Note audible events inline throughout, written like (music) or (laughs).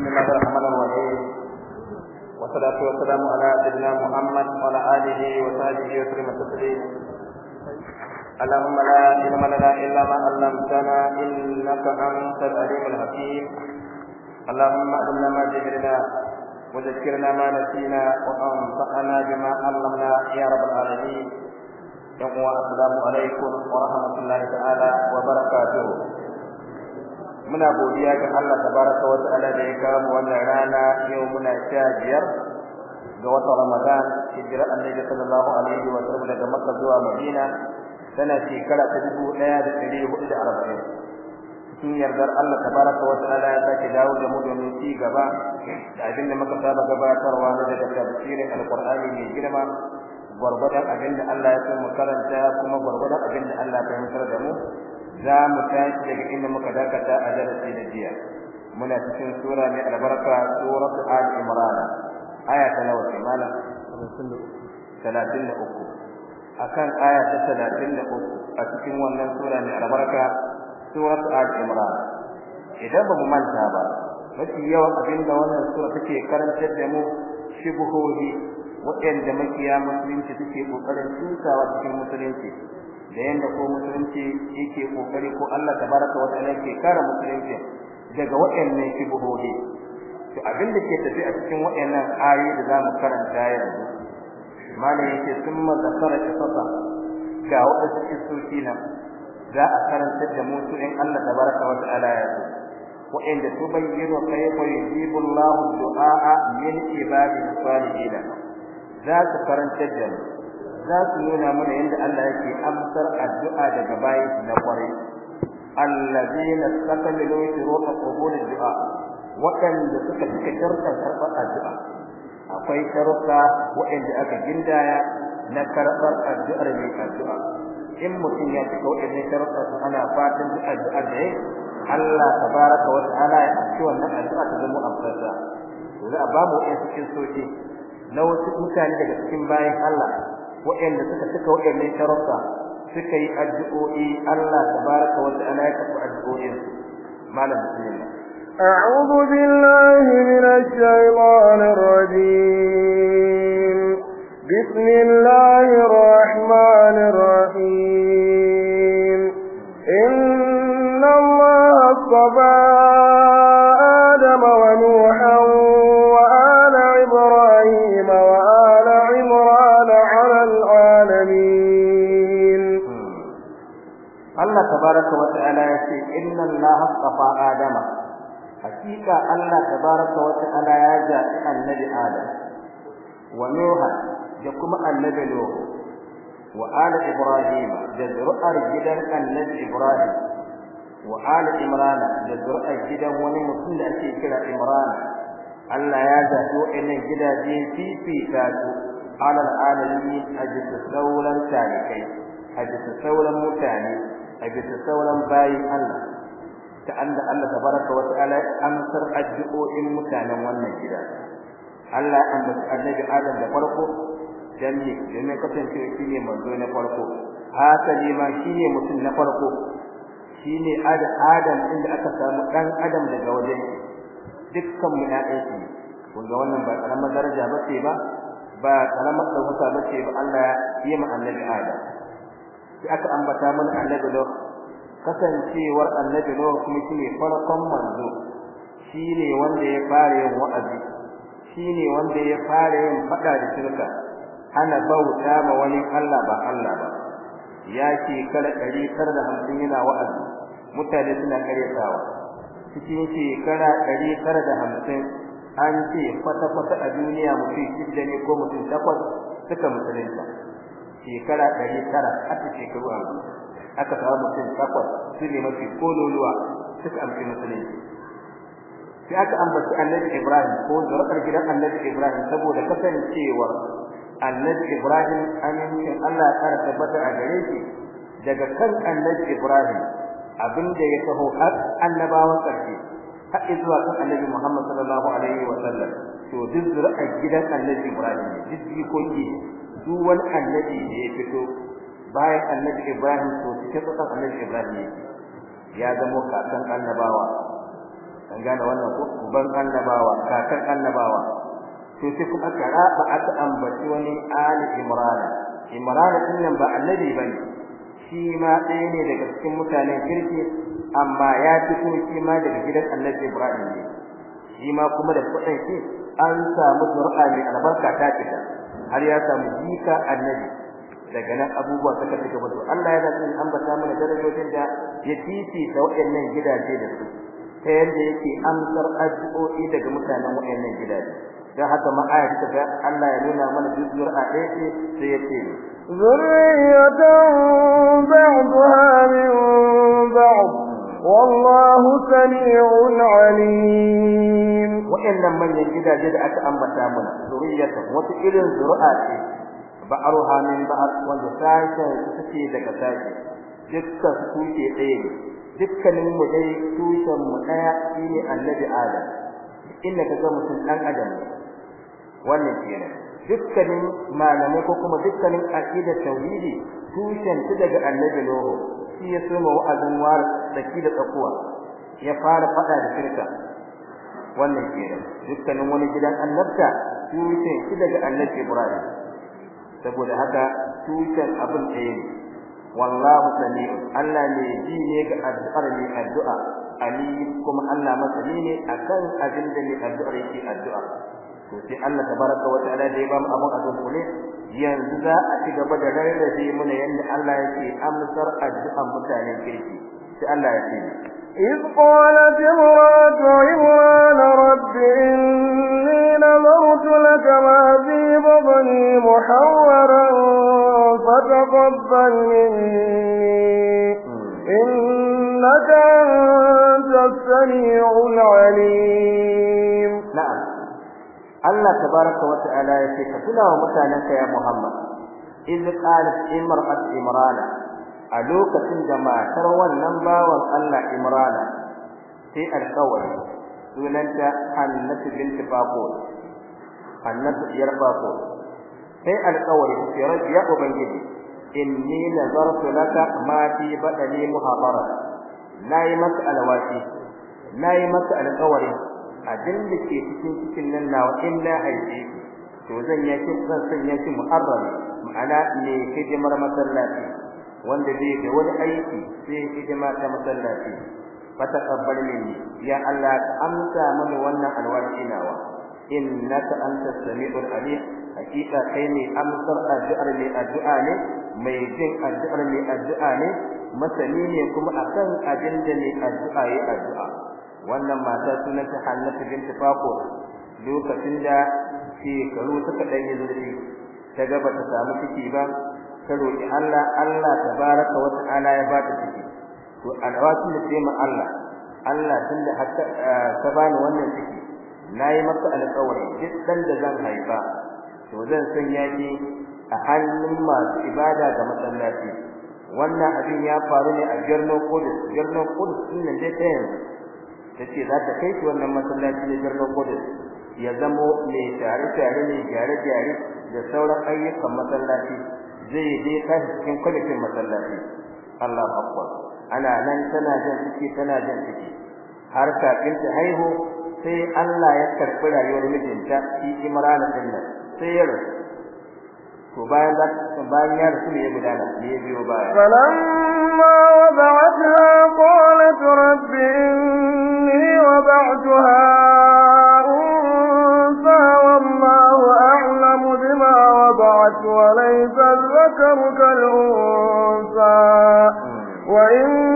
بسم الله الرحمن الرحيم والصلاة والسلام على سيدنا محمد وعلى آله وصحبه وسلم تسليما اللهم لا علم لنا إلا ما علمتنا إنك أنت العليم الحكيم اللهم علمنا ما جهلنا وذكرنا ما نسينا وانصحنا بما علمنا يا رب العالمين يقوى السلام عليكم ورحمة الله تعالى وبركاته muna godiya ga Allah tabaraka wa ta'ala da ya kawo mu wannan rana yau muna sha biyar ga watan Ramadan hijira Annabi sallallahu alaihi wa sallam daga Makka zuwa Madina tana shekara ta 1440 cikin yardar Allah tabaraka wa ta'ala ya sake dawo da mu da domin ci gaba da abin da muka saba gabatarwa na daga tafsirin alqur'ani mai girma gwargwadon abin da Allah ya so mu karanta kuma gwargwadon abin da Allah ya fahimtar da mu za mu tashi daga inda muka dakata a darasi da jiya muna cikin sura mai albarka suratu al imran aya ta nawa ce mana 33 akan aya ta 33 a cikin wannan sura mai albarka suratu al imran idan ba mu manta ba mafi abin da wannan sura take karantar da mu shubuhohi waɗanda makiya musulunci take kokarin tsawa cikin musulunci da yanda ko musulunci yake kokari ko Allah tabaraka wa ta'ala yake kare musulunci daga waɗannan shubuhohi to abin da ke tafi a cikin waɗannan ayoyi da zamu karanta yanzu malam yake summa zakara qisasa ga waɗansu kisoshi nan za a karanta da mu su in Allah tabaraka wa ta'ala ya so waɗanda kai kayfa yujibu Allahu du'a min ibadihi salihin za su karanta da mu za su nuna mana yadda Allah yake amsar addu'a daga bayan su na kwarai allazina sakamilu shuruta qabul du'a waɗanda suka cika shartar karɓar addu'a akwai sharuɗa waɗanda aka gindaya na karɓar addu'ar mai addu'a in mutum ya cika waɗannan sharuɗa su ana fatan duk addu'ar da ya Allah tabaraka wa ta'ala ya amshi wannan addu'a ta zama amsarsa to za a ba mu waɗansu cikin soke na wasu mutane daga cikin bayan Allah wa'anda suka suka wa'annan sharuɗa suka yi addu'o'i Allah tabaraka wa ta'ala ya kafa addu'o'in malam bismillah a'udhu billahi minash shaitanir rajim bismillahir rahmanir rahim inna allaha tabaraka wa ta'ala ya ce inna allaha astafa adama hakika allah tabaraka wa ta'ala ya zaɓi annabi adam wa nuha da kuma annabi nuh wa ala ibrahim da zuri'ar gidan annabi ibrahim wa ala imran da zuri'ar gidan wani mutum da ake kira imran allah ya zaɓi wa'annan gidaje fifita su ala al'alamin a sauran talikai a jisa sauran mutane a bisa sauran bayin Allah ta anda Allah tabaraka wa ta'ala amsar addu'o'in mutanen wannan gida Allah annabi Adam da farko danne danne kasance shine manzo na farko hasali ma shine mutum na farko shine Adam inda aka samu dan Adam daga wajen dukkan mu aiki, shi ga wannan ba karamar daraja bace ba ba karamar dauka bace ba Allah ya yi ma annabi Adam da aka ambata mana annabi lo kasancewar annabi lo kuma shine farkon manzo shine wanda ya fara yin wa'azi shine wanda ya fara yin fada da shirka ana bauta ma wani Allah ba Allah ba ya ce kala 150 yana wa'azi mutane suna karyatawa yake kala 150 an ce kwata-kwata a duniya mutum shidda ne ko mutum takwas suka mutunta shekara ɗari tara har shekaru hamsin aka samu mutum takwas su ne mafi kololuwa suka amfi musulunci sai aka ambaci annabi ibrahim ko zurfar gidan annabi ibrahim saboda kasancewa annabi ibrahim amincin allah ya tsara tabbata a gare shi daga kan annabi ibrahim abinda ya taho har annabawan ƙarshe har zuwa kan annabi muhammad sallallahu alaihi wa sallam to duk zurfar gidan annabi ibrahim duk jikoki duk wani annabi da ya fito bayan annabi Ibrahim to cikin tsakan annabi Ibrahim ya zama kakan annabawa an gane wannan ko ban annabawa kakan annabawa to sai kuma ba raba aka ambaci wani ali Imran Imran din nan ba annabi bane shi ma ɗaya ne daga cikin mutanen kirki amma ya fito shi ma daga gidan annabi Ibrahim ne shi ma kuma da kudin shi an samu zuri'a ne albarka ta fita har ya samu jika annabi daga nan abubuwa suka take wato Allah ya an ambata mana darajojin da ya titi da waɗannan gidaje da su ta yadda yake amsar addu'o'i daga mutanen wayannan gidaje dan haka ma ayat ta ga Allah ya nuna mana juzur a ɗaya sai ya ce zurriyatan min ba'd والله سميع عليم وإن من da جد أتأمتا من ذرية وتئل ذرآت بأرها من بأر وزسائك تسكي دكتاك جدت سوكي قيل dukkanin mu dai tushen mu daya shine annabi Adam inda kaga mutum dan adam wannan kenan dukkanin malamai ko kuma dukkanin aqidar tauhidi tushen ta daga annabi Nuhu shi ya soma wa'azin war da ki da tsakuwa ya fara fada da shirka wannan kenan dukkanin wani gidan annabta tushen shi daga annabi Ibrahim saboda haka tushen abin da ne wallahu sami Allah ne ji ne ga addu'ar ne addu'a ali kuma Allah masani ne akan abin da ne addu'ar yake addu'a to sai Allah tabaraka wa ta'ala da ya ba mu abin addu'a yanzu za a ci gaba da rarrabe muna yanda Allah yake amsar addu'an mutanen kirki sai Allah ya ce إذ قالت امرأة عمران رب إني نذرت لك ما في بطني محورا فتقبل مني إنك أنت السميع العليم Allah tabaraka wa ta'ala ya ce ka tuna wa mutanenka ya Muhammad in qalat imra'at imrana a lokacin da matar wannan bawan Allah imrana sai alƙawari sunanta Hannatu binti Bakor Hannatu diyar Bakor sai alƙawari sai rabbi ya ubangiji inni nazartu laka ma fi badani muhabara nayi maka alwashi nayi maka alƙawari abin da ke cikin cikin nan nawa in na haife to zan ya ki zan sanya shi muharram ma'ana ne hidimar masallaci wanda zai da wani aiki sai hidima ta masallaci fataqabbal minni ya Allah ka amsa mani wannan alwarki nawa innaka antas samiul alim hakika kai ne amsar addu'ar mai addu'a ne mai jin addu'ar mai addu'a ne masani ne kuma akan abin da mai addu'a yi addu'a wannan mata sunanta Hannatu binti Faqur lokacin da shekaru suka dan yi zurfi ta bata samu ciki ba ta roki Allah Allah tabaraka wa ta'ala ya bata ciki to alawatu da sai ma Allah Allah tunda hakka ta eh, bani wannan ciki nayi maka alƙawari duk dan da zan haifa to zan ya ki a hannun masu ibada ga masallaci wannan abin ya faru ne a Jarno Kudus Jarno Kudus din da ta yanzu tace za ta kai shi wannan masallaci ne birnin Qudus ya zamo mai tare tare ne gyare gyare da sauran ayyukan masallaci zai je kai cikin kwalitin masallaci Allah akbar ana nan tana jin ciki tana jin ciki har kafin ta haihu sai Allah ya karɓi rayuwar mijinta shi Imran din nan sai ya rasu فلما وضعتها قالت رب إني وضعتها أنثى والله أعلم بما وضعت وليس الذكر كالأنثى وإن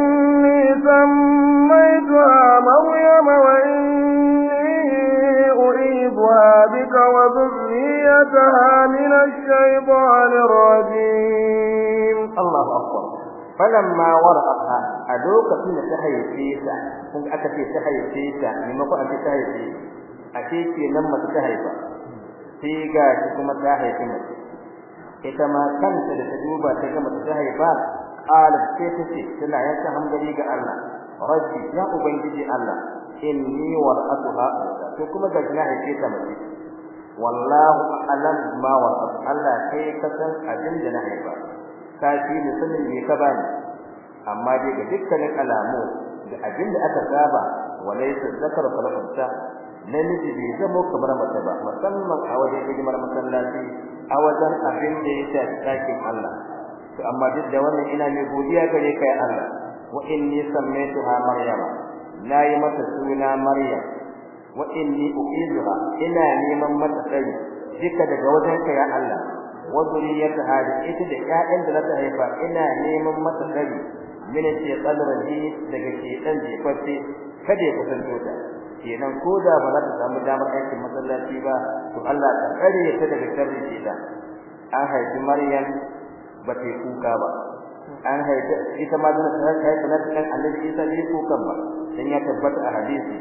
ذريتها من الشيطان الرجيم الله أكبر فلما ورأتها أدوك فينا تحيي فيسا كنت أكتي تحيي فيسا لما أنت تحيي فيسا أتيكي لما تحيي sai ga shi kuma ta haifi ita ma kanta da ta duba ta ga mace ta haifa qala sai ta ce tana yanka hangari ga Allah rabbi ya ubangiji Allah inni to kuma mace wallahu a'lam ma wa Allah kai ka san abin da na haifa ka ji ni sanin me ka bani amma dai ga dukkanin alamu da abin da aka saba walaysa zakar fal unsa namiji bai zama kamar mace ba musamman a wajen hidimar masallaci a wajen abin da ya shafi ɗakin Allah to amma duk da wannan ina mai godiya gare ka ya Allah wa inni sammaytuha maryama nayi mata suna maryam wa inni uqizha ina neman mata tsari duka daga wajenka ya Allah wa zuriyataha da ita da ƴaƴan da zata haifa ina neman mata tsari min shaytan rajim daga shaytan jefafe kada ya kusanto ta kenan ko da ba za ta samu damar aikin masallaci ba to Allah ta kare ta daga sharri shaytan an haifi Maryam ba ta kuka ba an haifi ita ma da ta haifi na kan Annabi Isa ne kukan ba dan ya tabbata a hadisi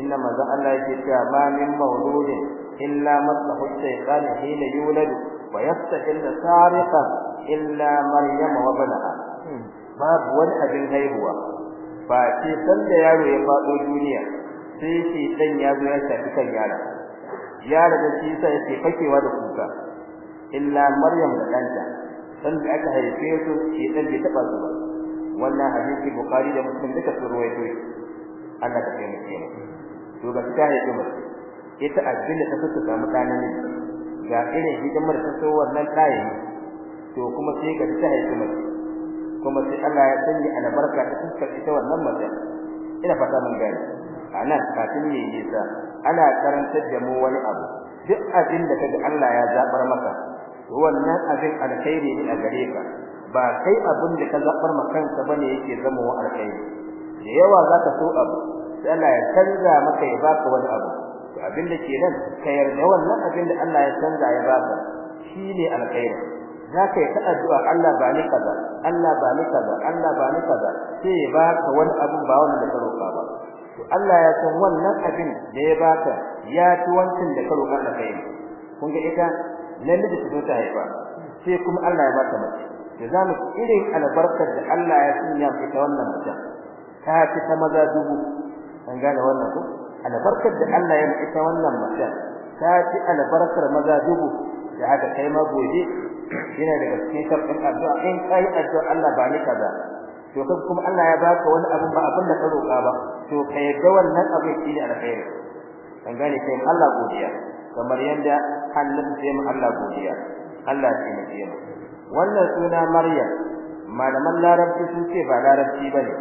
inna maza Allah yake cewa ma min mauludin illa maslahu shaytan hina yuladu wa yastahillu sariqan illa maryama wa banaha hmm. babu wani abin haihuwa ba ce sanda yaro ya fado duniya sai shi dan ya zo ya tafi kan yaro yaro da shi sai yake fakewa da kuka illa maryam da danta sanda aka haife su shi dan bai taba su ba wannan hadisi bukhari da muslim duka su ruwaito shi Allah ka to ga ta haifi mace ita abin da ta fita samu ɗa namiji ga irin hidimar ta so wannan ɗa to kuma sai ga ta haifi mace kuma sai Allah ya sanya albarka ta fuskar ita wannan mace ina fata mun gani ana kafin yi nisa ana karantar da mu wani abu duk abinda kaga Allah ya zabar maka wannan abin alkhairi ne a gare ka ba kai abin da ka zabar maka kanka bane yake zama wa alkhairi da yawa zaka so abu sai ya canza maka ya baka wani abu to abin da ke nan ka yarda wannan abin da Allah ya canza ya baka shine alkhairi zaka yi addu'a Allah ba ni kaza Allah ba ni kaza Allah ba ni kaza sai ya baka wani abu ba wanda da ka roƙa ba to Allah ya san wannan abin da ya baka ya ci wancin da ka roƙa da kai kun ga ita namiji ta zo ta haifa sai kuma Allah ya baka mace da zamu irin albarkar da Allah ya sanya fita wannan mutum ta ci ta maza dubu an gane wannan ko albarkar da Allah ya ta wannan mace ta ci albarkar maza dubu da haka kai ma gobe yana gaske ta kan addu'a in kai addu'a Allah ba ni kaza to kai kuma Allah ya baka wani abu ba abin da ka roka ba to kai ga wannan abu shi ne alkhairi an gane kai Allah godiya kamar yanda Allah sai mu Allah godiya Allah sai mu yi wannan suna Maryam malaman larabci sun ce ba larabci bane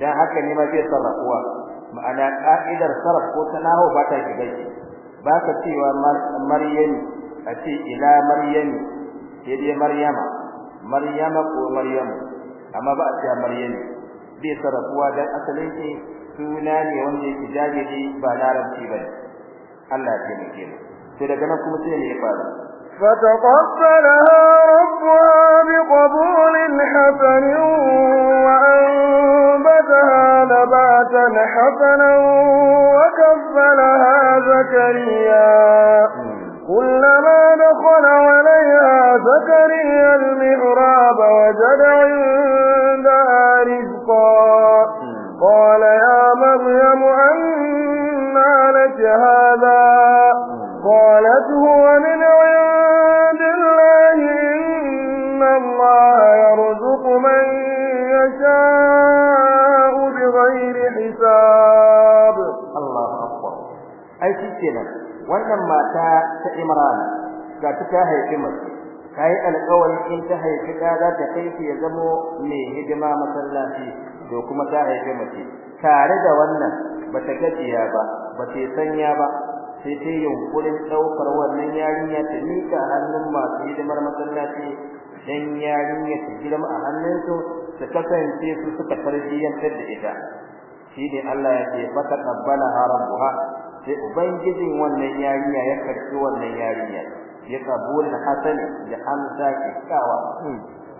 dan haka ne ma zai sarrafuwa ma'ana ka'idar sarf ko ta ba ta shiga ba ka cewa maryami a ce ila maryami sai dai maryama maryama ko maryamu amma ba a ce maryami bai sarrafuwa dan asalin ki suna ne wanda yake jaje ba larabci bane Allah ya taimake mu sai daga nan kuma sai ne ya fara فتقبلها ربها بقبول حسن وأنبتها نباتا حسنا وكفلها زكريا كلما دخل عليها زكريا المغراب وجد عندها رزقا قال يا مريم أنا لك هذا قالت هو من wannan mata ta Imran ga ta haifi mace kai alƙawari in ta haifi ta za ta kai shi ya zamo mai hidima masallaci do kuma ta haifi mace tare da wannan bata gajiya ba bata sanya ba sai ta yunkurin daukar wannan yarinya ta mika hannun masu hidimar masallaci dan yarinya ta girma a hannunsu ta kasance su suka tarbiyyantar da ita Shi ne Allah ya ce fa taqabbalaha rabbuha sai ubangijin wannan yarinya ya karbi wannan yariya ya kabul hasani ya amsa kawa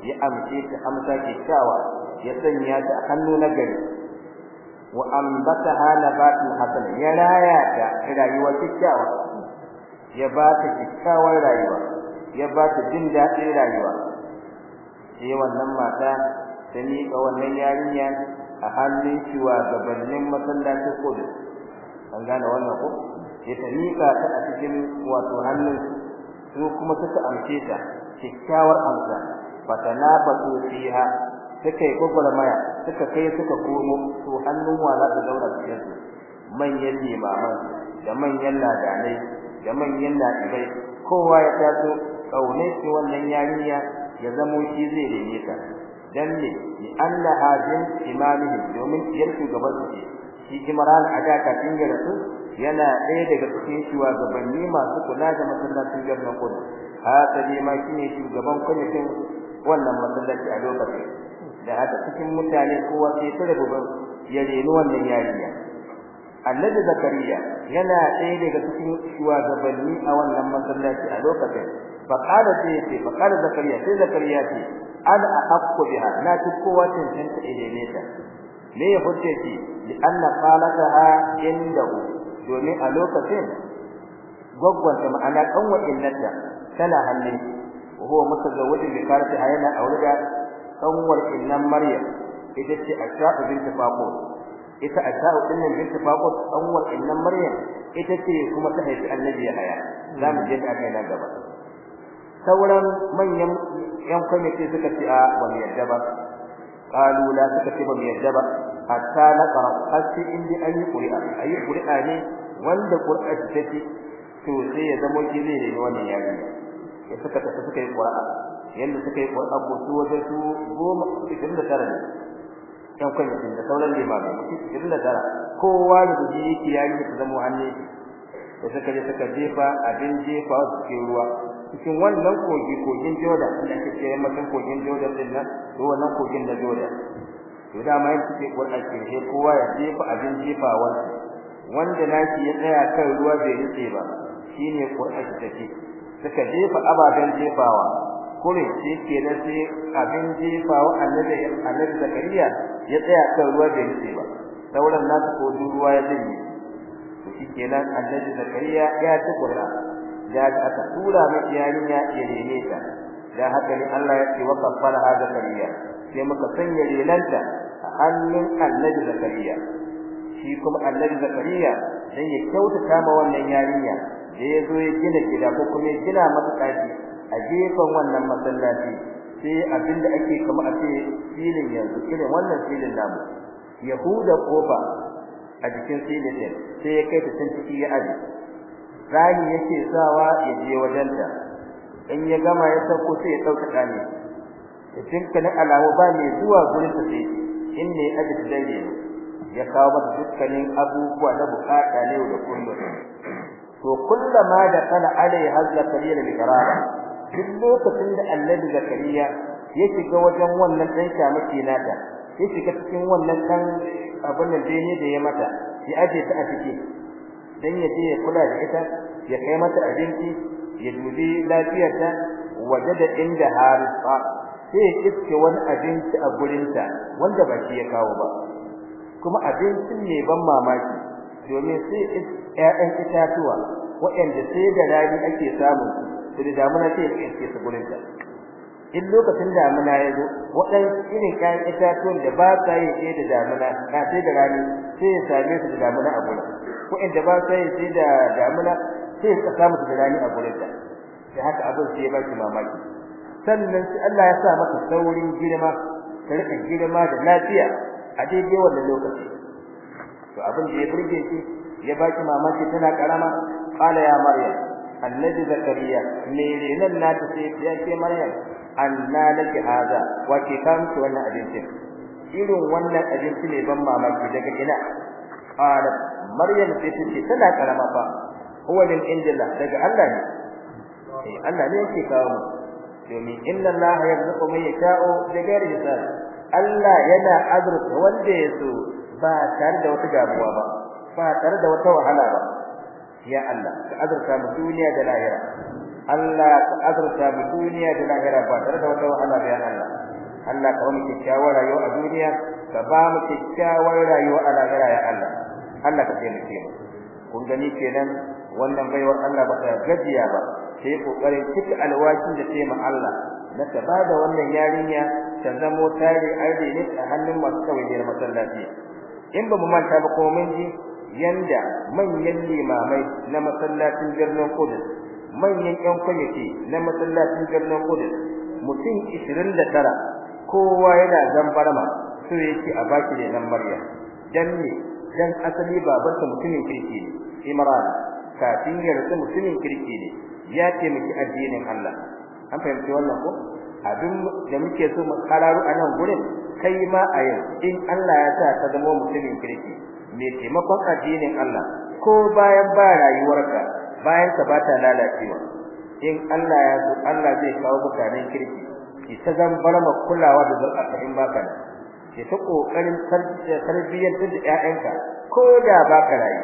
ya amce ta amsa kawa ya sanya ta hannu na gari wa ambataha nabatul hasan ya raya ta rayuwa kyakkyawa ya ba ta kyakkyawar rayuwa ya ba ta jin daɗin rayuwa sai wannan mata ta miƙa wannan yariya a hannun shi wa gabanin masallacin kodin an gane wannan ko ya tarika ta a cikin wato hannun su kuma suka amce ta kyakkyawar amsa fatanafasu fiha suka yi gwagwarmaya suka kai suka komo su hannun wala da daura cikin su manyan limaman da manyan ladanai da manyan ladanai kowa ya taso kaune ce wannan yarinya ya zamo shi zai rene ta dan ne ni Allah jin imamihi domin yarku gaban su ce shi Imran Aga kafin ya rasu yana ɗaya daga cikin shugabanni masu kula da masallacin Jannah Kudu ta ne ma shine shugaban kwamitin wannan masallaci a lokacin da haka cikin mutane kowa sai ta rubuta ya reni wannan yariya Annabi Zakariya yana ɗaya daga cikin shugabanni a wannan masallaci a lokacin fa qala sai fa kada Zakariya sai Zakariya ce ana haqqu biha na tukowa tantance ta me ya hujje shi li anna qalataha indahu domin a lokacin gwaggwanta ma'ana kan wa'innata tana hannun wa huwa mutazawwijin bi karati ayana aurida kan wa'innan maryam ita ce asha'u bint faqur ita asha'u din nan bint faqur kan maryam ita ce kuma ta haifi annabi Za mu je da kai nan gaba sauran manyan yan kwamiti suka ce a wani yadda ba kalu la suka ce ban yadda ba hatta na qara hatta in dai an yi qur'a ayi qur'a ne wanda qur'a take to sai ya zama kine ne wannan yayi ya suka ta suka yi qur'a yanda suka yi qur'a ko su wajen su goma idan da tare dan kai da sauran limamai idan da tare kowa da ji yake yayi da zama hanne da suka je suka jefa abin jefa ke ruwa cikin wannan kogi kogin joda, da ake ce makan kogin Jordan din nan ruwan kogin da joda. to dama yin kike Qur'an ce kowa ya jefa abin jefawar wanda naki ya tsaya kan ruwa bai rutse ba shine Qur'an take suka jefa ababen jefawa kure ce ke da sai abin jefawa annabi annabi Zakariya ya tsaya kan ruwa bai rutse ba sauran nasu ko ruwa ya dinne to nan annabi Zakariya ya ci Qur'an da aka tura mai yarinya ya neme ta da haka ne Allah ya ce wa kafara Zakariya sai muka sanya relanta hannun annabi zakariya shi kuma annabi zakariya dan ya kyautata ma wannan yarinya da ya zo ya gina gida ko kuma ya gina masa daki a gefen wannan masallaci sai abinda ake kama a ce filin yanzu irin wannan filin namu yahuda kofa a jikin filin din sai ya kai ta can ciki ya aje zani yake sawa ya je wajenta in ya gama ya sauko sai ya dauka kane cikin kana alamu ba ne zuwa gurin ta sai inni ajid dai ya kawo mata dukkanin abubuwa da bukata ne da kullum to kullama da kana alai hazza kalila bi garaba duk lokacin da annabi zakariya ya shiga wajen wannan dan kyamaki nata ya shiga cikin wannan dan abin da ne da ya mata ya aje ta a ciki dan ya je ya kula da ita ya kai mata abinci ya dubi lafiyarta wajada inda harisa sai ya iske wani abinci a gurinta wanda ba shi ya kawo ba kuma abincin ne ban mamaki domin sai ƴaƴan itatuwa waɗanda sai da rani ake samu su da damuna sai ya iske su gurinta in lokacin damuna ya zo waɗansu irin kayan itatuwan da ba sa yin sai da damuna na sai da rani sai ya same su da damuna a gurin waɗanda ba sa yin sai da damuna sai ya samu su da rani a gurinta sai haka abin sai ya ba shi mamaki sannan sai Allah ya sa maka saurin girma ka rika girma da lafiya a daidai wannan lokaci to abin da ya burge shi ya baki mamaki tana karama qala ya maryam annabi zakariya me nan na ta sai ya ce maryam anna laki hada wa ke kan su wannan abincin irin wannan abinci ne ban mamaki daga ina qala maryam ce ta ce tana karama fa huwa lil injila daga Allah ne eh, Allah ne yake kawo mu domin inna allaha yarzuqu man yasha'u bighairi hisab Allah yana azurta wanda ya ba tare da wata gabuwa ba ba tare da wata wahala ba ya Allah ka azurta mu duniya da lahira Allah ka azurta mu duniya da lahira ba tare da wata wahala ba ya Allah Allah ka mu kyakkyawar rayuwa a duniya ka ba mu kyakkyawar rayuwa a lahira ya Allah Allah ka taimake mu kun gani kenan wannan baiwar Allah ba ta gajiya ba sai kokarin cika alwashin da sai Allah na ta ba da wannan yarinya ta zamo tare arde ne a hannun masu kawai masallaci in ba mu manta ba kuma mun ji yanda manyan limamai na masallacin birnin Kudus manyan ƴan kwamiti na masallacin birnin Kudus mutum da tara, kowa yana zambarma so yake a baki da nan Maryam dan ne dan asali babarsa mutumin kirki ne Imran kafin ya rasu mutumin kirki ne ya taimaki addinin Allah an fahimci wannan ko abin da muke so mu kararu a nan gurin kai ma a yau in Allah ya sa ka zama mutumin kirki mai taimakon addinin Allah ko bayan ba rayuwarka bayan ka bata lalacewa in Allah ya so Allah zai kawo mutanen kirki ki ta bar ma kulawa da zurfafa in baka da ki ta kokarin tarbiyyar da ƴaƴanka ko da baka rayu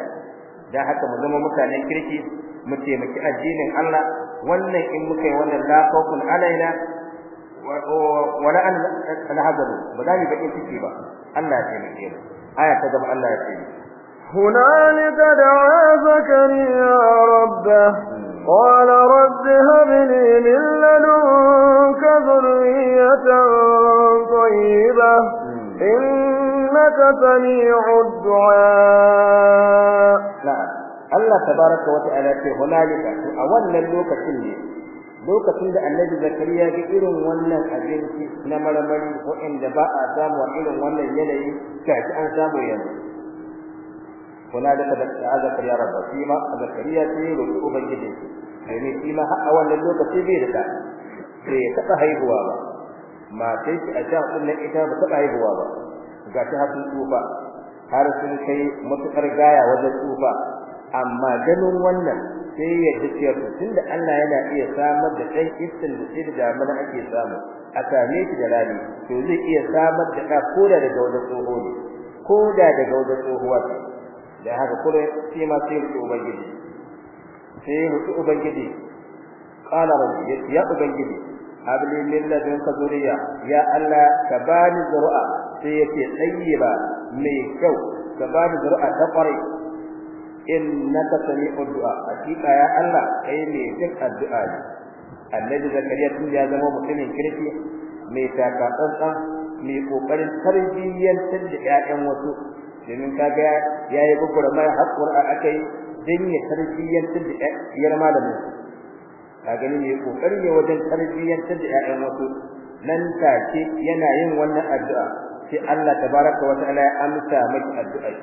dan haka mu zama mutanen kirki متيمكي أجيني حلا ولي إن مكي خوف علينا ولا أن نهضر بدأني بإن تكيبا ألا يتيمي كيبا آية تدب ألا يتيمي هنالك دعا زكري يا ربه قال رب هب لي من لدنك ذرية طيبة إنك سميع الدعاء نعم Allah tabaraka wa ta'ala ce hunalika to a wannan lokacin ne lokacin da annabi zakariya ga irin wannan abinci na marmari ko wanda ba a samu a irin wannan yanayi kaci an samu yanzu hunalika da zakariya rabba shi ma zakariya sai roƙi ubangiji sai ne shi ma a wannan lokaci bai da sai ya taɓa haihuwa ba Ma sai shi a can ɗin ita ba taɓa haihuwa ba ga ta hatun tsufa har sun kai matuƙar gaya wajen tsufa amma ganin wannan sai ya dace ku tunda Allah yana iya samar da kai istin da shi da mana ake samu a same shi da rani to zai iya samar da ka koda daga wajen tsoho ne koda daga wajen tsohuwa da haka kure sai ma sai ku ubangiji sai ku ubangiji qala rabbi ya ubangiji habli min ladunka zuriya ya Allah ka bani zuri'a sai yake tsayyiba mai kyau ka bani zuri'a ta kwarai innaka sami'ud du'a hakika ya Allah kai ne jin addu'a ne annabi zakariya tun ya zama mutumin kirki mai taka tsantsan mai kokarin tarbiyyar tunda ƴaƴan wasu domin kaga yayi gukura mai hakkur a akai din ne tarbiyyar tunda ƴaƴan malamin kaga ne mai kokari ne wajen tarbiyyar tunda ƴaƴan wasu nan take yana yin wannan addu'a sai Allah tabaraka wa ta'ala ya amsa maka addu'a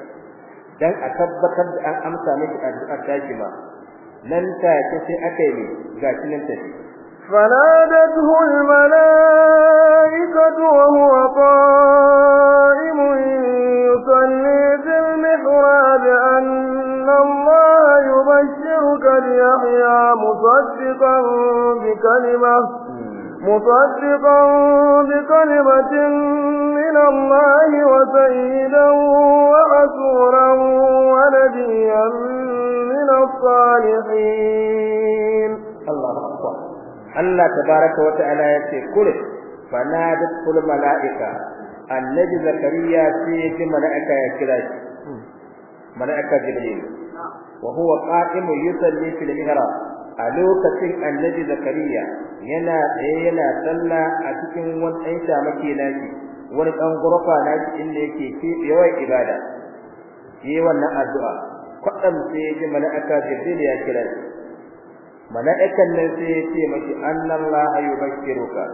dan a tabbatar da an amsa miki addu'a taki ma nan take sai aka yi gashi nan take فنادته الملائكة وهو قائم يصلي في المحراب أن الله يبشرك ليحيى مصدقا بكلمة مصدقا بكلمة الله وسيدا ورسولا ونبيا من الصالحين الله أكبر الله تبارك وتعالى كله فنادت كل ملائكة النجي زكريا سيد ملائكة يكلاش ملائكة جبريل وهو قائم يسلي في المهراب a lokacin annabi zakariya yana tsaye yana sallah a cikin wani ɗan shamake naki wani dan gurfa na inda yake shi yawan ibada yi wannan addu'a kwadan sai ji mala'ika jibril ya kira mala'ikan nan sai ya ce miki annallahu yubashiruka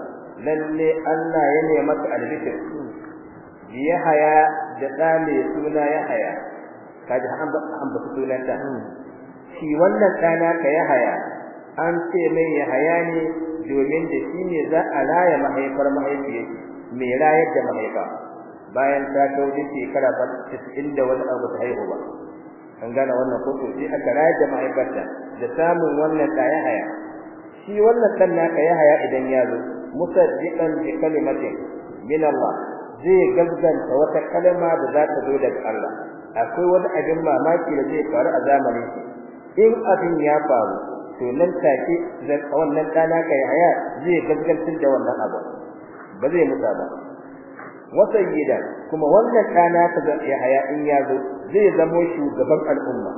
lalle Allah ya ne maka albishir haya da da mai suna haya kaji an ba an ba suna ta shi wannan dana ka ya haya. an ce mai haya ne domin da shi ne za a raya mahaifar mahaifiyarsa mai rayar da mahaifa bayan ta kauce shekara ta 90 da wani abu ta haihu ba an gane wannan ko sai aka rayar da mahaifarta da samun wannan da ya haya shi wannan kan naka ya haya idan ya zo musaddiqan bi kalimatin min Allah zai gaskanta wata kalma da za ta zo daga Allah akwai wani abin mamaki da zai faru a zamanin in abin ya faru to nan take wannan dan kai haya zai gaskantar da wannan abu ba zai mutu ba wasayyida kuma wannan kana ta ga haya in ya zo zai zamo shugaban al'umma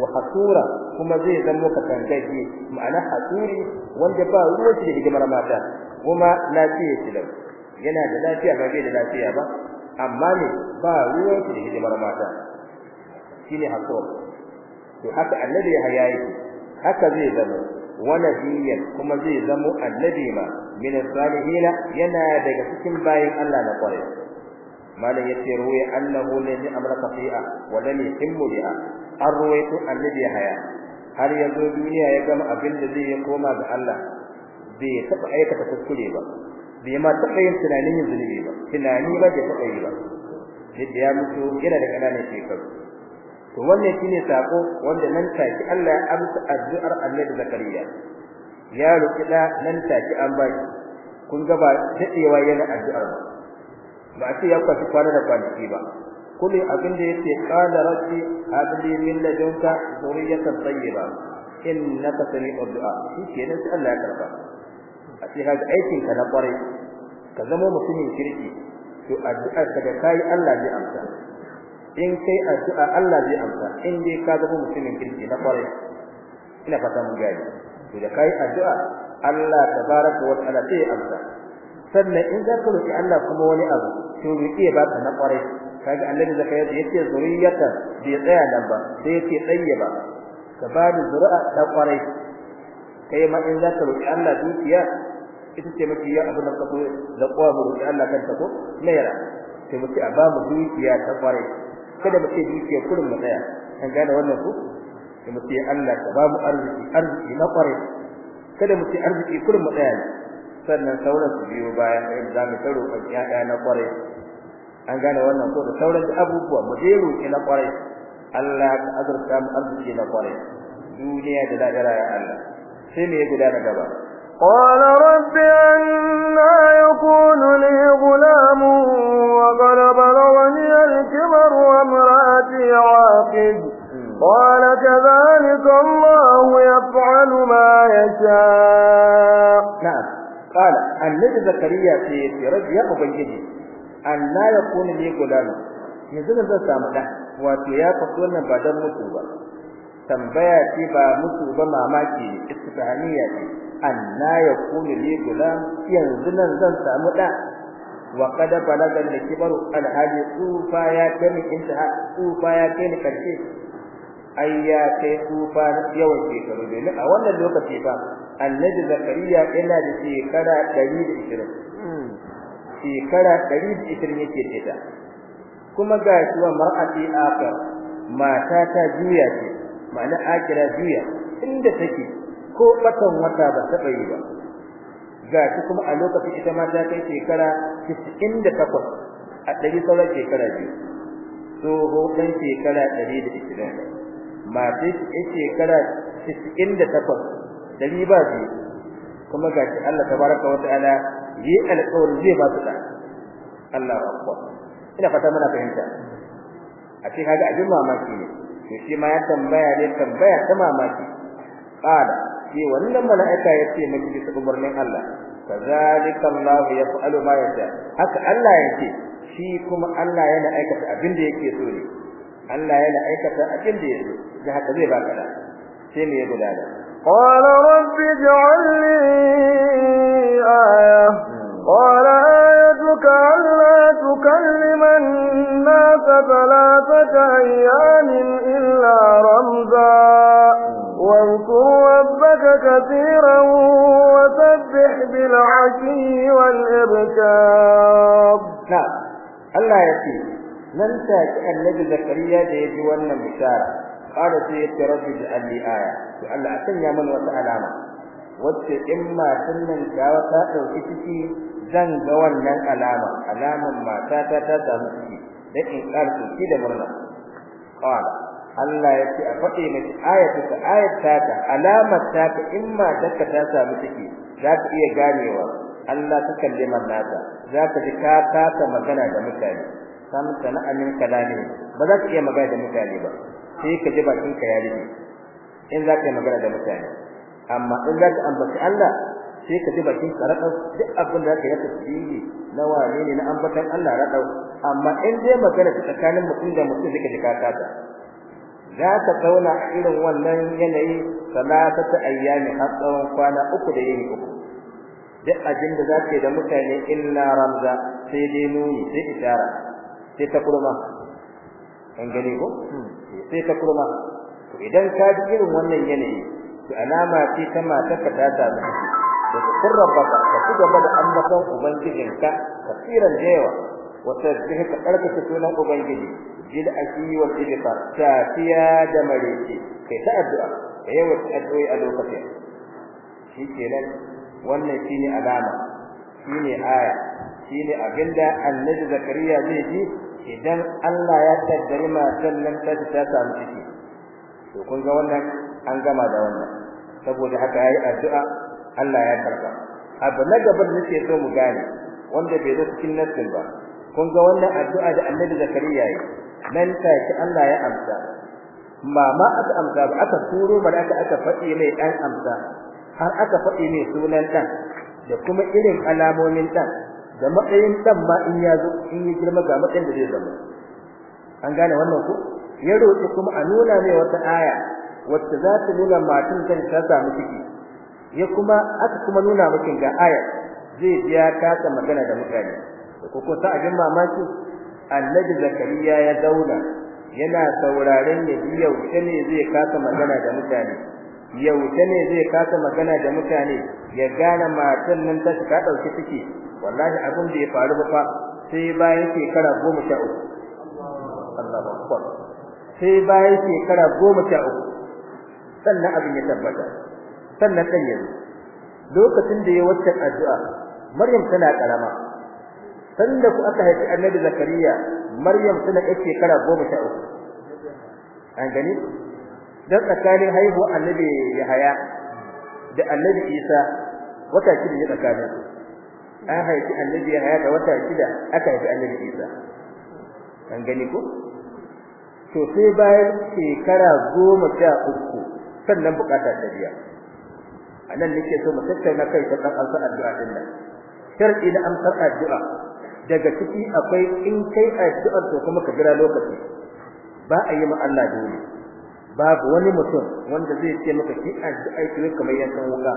wa hasura kuma zai zamo katangaje ma'ana hasuri wanda ba ruwa ce da hidimar mata kuma lafiya ce da yana da lafiya ba bai da lafiya ba amma ne ba ruwa ce da hidimar mata shine hasura to haka annabi haya yake haka zai zama Wannan nabiyyan kuma zai zamo annabi ma min salihin yana daga cikin bayin Allah na kwarai malam yace ruwaya annahu ladhi amraka fi'a wa lam yutimmu a? an ruwaitu annabi haya har yanzu duniya ya gama abin da zai koma ga Allah bai taɓa aikata kuskure ba bai ma taɓa yin tunanin yin zunubi ba tunani ba bai taɓa yi ba yadda ya mutu yana da ƙananan shekaru to wannan shine sako wanda nan take Allah ya amsa addu'ar Annabi Zakariya ya roki da nan take an ba shi kun ga ba dadewa yana addu'ar ba ba sai ya kwafi kwana da kwanci ba kulli abin da yake qala rabbi habli min ladunka zuriyatan tayyiba innaka sami'ud du'a shi kenan sai Allah ya karba a ce ga aikin ka na kware ka zama mutumin kirki to addu'ar ka da kai Allah zai amsa in kai addu'a Allah zai amsa in dai ka zama mutumin kirki na kwarai ina fata mun gani to da kai addu'a Allah tabaraka wa ta'ala zai amsa sannan in za ka ki Allah kuma wani abu to roki ba ta na kwarai kaga annabi zakariya yace zuriyata bi tsaya nan ba sai yace ba ka ba da zuri'a ta kwarai kai ma in za ka roki Allah dukiya ita ce miki ya abun da ka so da kwa mu roki Allah ta ko ne yara sai miki a dukiya ta kwarai kada mu ce dukiya kullum mu tsaya kan gane wannan ku da mu ce Allah ka babu arziki arziki na kware kada mu ce arziki kullum mu tsaya sannan sauran su biyo bayan sai za mu taro kan yaya na kware an gane wannan ko da sauran abubuwa mu je roki na kware Allah ka azurta mu arziki na kware duniya da lahira ya Allah sai me ya gudana gaba قال رب أنا يكون لي غلام وقد بلغني الكبر وامرأتي عاقب قال كذلك الله يفعل ما يشاء نعم قال النبي زكريا في في رد يا أن لا يكون لي غلام نزل da zan وفي da بعد ya faɗi wannan ba dan mutu anna yakunu li gulam yanzu nan zan samu da wa qad balaga li kibaru al hali tufa ya kani intaha tufa ya kani karshe ai ya kai tufa yawan shekaru ne a wannan lokaci fa annabi zakariya yana da shekara 120 shekara 120 yake da ita kuma ga shi wa mar'ati akar mata ta juya ce ma'ana akira juya inda take ko batan wata ba ta yi ba ga shi kuma a lokacin ita ma ta kai shekara 98 a dari sauran shekara biyu to ho kan shekara 120 ta kai shekara 98 dari ba biyu kuma ga shi Allah tabaraka wa ta'ala yi alƙawari zai ba su da Allah rabba ina fata muna fahimta a ce kaga abin mamaki ne to shi ma ya tambaya ne tambaya ta mamaki qala ce wannan mala'ika ya ce miki bisa umarnin Allah kazalika Allah yaf'alu ma yasha haka Allah yake shi kuma Allah yana aikata abin da yake so ne Allah yana aikata abin da yake da haka zai baka da sai me ya gudana qala rabbi li aya ربك ألا تكلم الناس ثلاثة أيام إلا رمزا واذكر ربك كثيرا وسبح بالعشي والإبكار نعم الله يكفي لن تاك النبي زكريا ديجي وانا بشارة قال سيدي ربي جعل لي آية وقال أتنيا من وسألامة wacce in matan nan gawa ta zan ga wannan alama alaman matata ta samu ciki da in karfi ki da murna qala Allah ya ce a fadi miki ayatu ta ayata ta alama ta ta in matarka ta samu ciki za ka iya ganewa Allah ta kalle nata za ka ji ka ta magana da mutane san sana amin kalani ba za ka iya magana da mutane ba sai ka ji bakin ka ya in za ka yi magana da mutane amma in za ka ambaci Allah sai ka ji bakin ka duk abin da kai yi tasbihi na wane ne na ambatan Allah radau amma in dai magana ta tsakanin mutum da mutum zaka jika ka kata za ka zauna irin wannan yanayi salatata ayyami har tsawon kwana uku da yin uku duk abin da yi da mutane illa ramza sai dai nuni sai isara sai ta kurma an gane ko sai ta kurma idan ka ji irin wannan yanayi to alama ce ta mata ka ta واذكر ربك فتجب da أبنجدك كثيرا جيوا وتجبهك ألك تكون أبنجدي جل أشي والإبطار شافيا دمريتي كي تأدعى كيوت أدعي ألوكتين شيء wannan shine alama shine aya shine abinda annabi zakariya zai ji idan Allah ya taddari matan nan ta ta samu ciki to kun ga wannan an gama da wannan saboda haka yayi addu'a Allah ya karba abu na gaban nake so mu gane wanda bai zo cikin nasin ba kun ga wannan addu'a da Annabi Zakariya yi nan take Allah ya amsa mama aka amsa aka turo malaka aka fadi mai dan amsa har aka fadi mai sunan dan da kuma irin alamomin dan da matsayin dan ma in ya zo in yi girma ga matsayin da zai zama an gane wannan ko ya roki kuma a nuna mai wata aya wacce za ta nuna matan kan ta samu ciki ya kuma aka kuma nuna maka ga ayar zai biya kasa magana da mutane ko ko sa ajin mamaki annabi zakariya ya zauna yana sauraren ya biya wuce ne zai kasa magana da mutane yauce ne zai kasa magana da mutane ya gane matan nan ta shiga dauki ciki wallahi abin da ya faru ba sai bayan shekara 13 Allahu akbar sai bayan shekara 13 sannan abin ya tabbata sannan dan yanzu lokacin da ya wacce addu'a maryam tana karama sanda ku aka haifi annabi zakariya maryam tana kace kara 13 an gani dan tsakanin haihu annabi yahaya da annabi isa wata kidi ne tsakani an haifi annabi yahaya da wata kidi aka haifi annabi isa an gani ku? to sai bayan shekara 13 sannan bukata ta biya anan nake so mu tattauna kai ta dan alsa addu'a din nan sharti na amsar addu'a daga ciki akwai in kai addu'ar to kuma ka jira lokaci ba a yi ma Allah dole babu wani mutum wanda zai ce maka shi addu'a ki kamar yankan wuka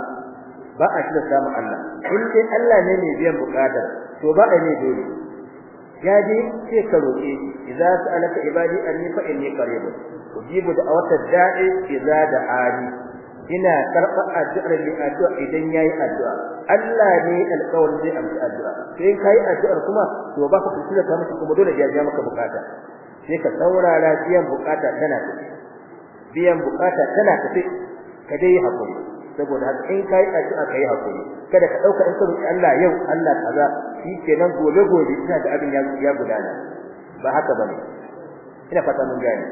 ba a kira samu Allah in dai Allah ne mai biyan bukata to ba a ne dole ya je ce ka roƙe idza sa'alaka ibadi anni fa inni qarib ujibu da'watad da'i idza da'ani Ina karɓar addu'ar mai addu'a idan yayi addu'a Allah ne alƙawarin da amsa addu'a sai in kai addu'ar kuma to ba ka tsira ta maka kuma dole ya ja maka bukata sai ka saurara biyan bukata tana tafi biyan bukata tana tafi ka dai hakuri saboda haka in kai addu'a kai hakuri kada ka dauka in ka Allah yau Allah kaza shikenan gobe gobe ina da abin ya gudana ba haka bane ina fata mun gane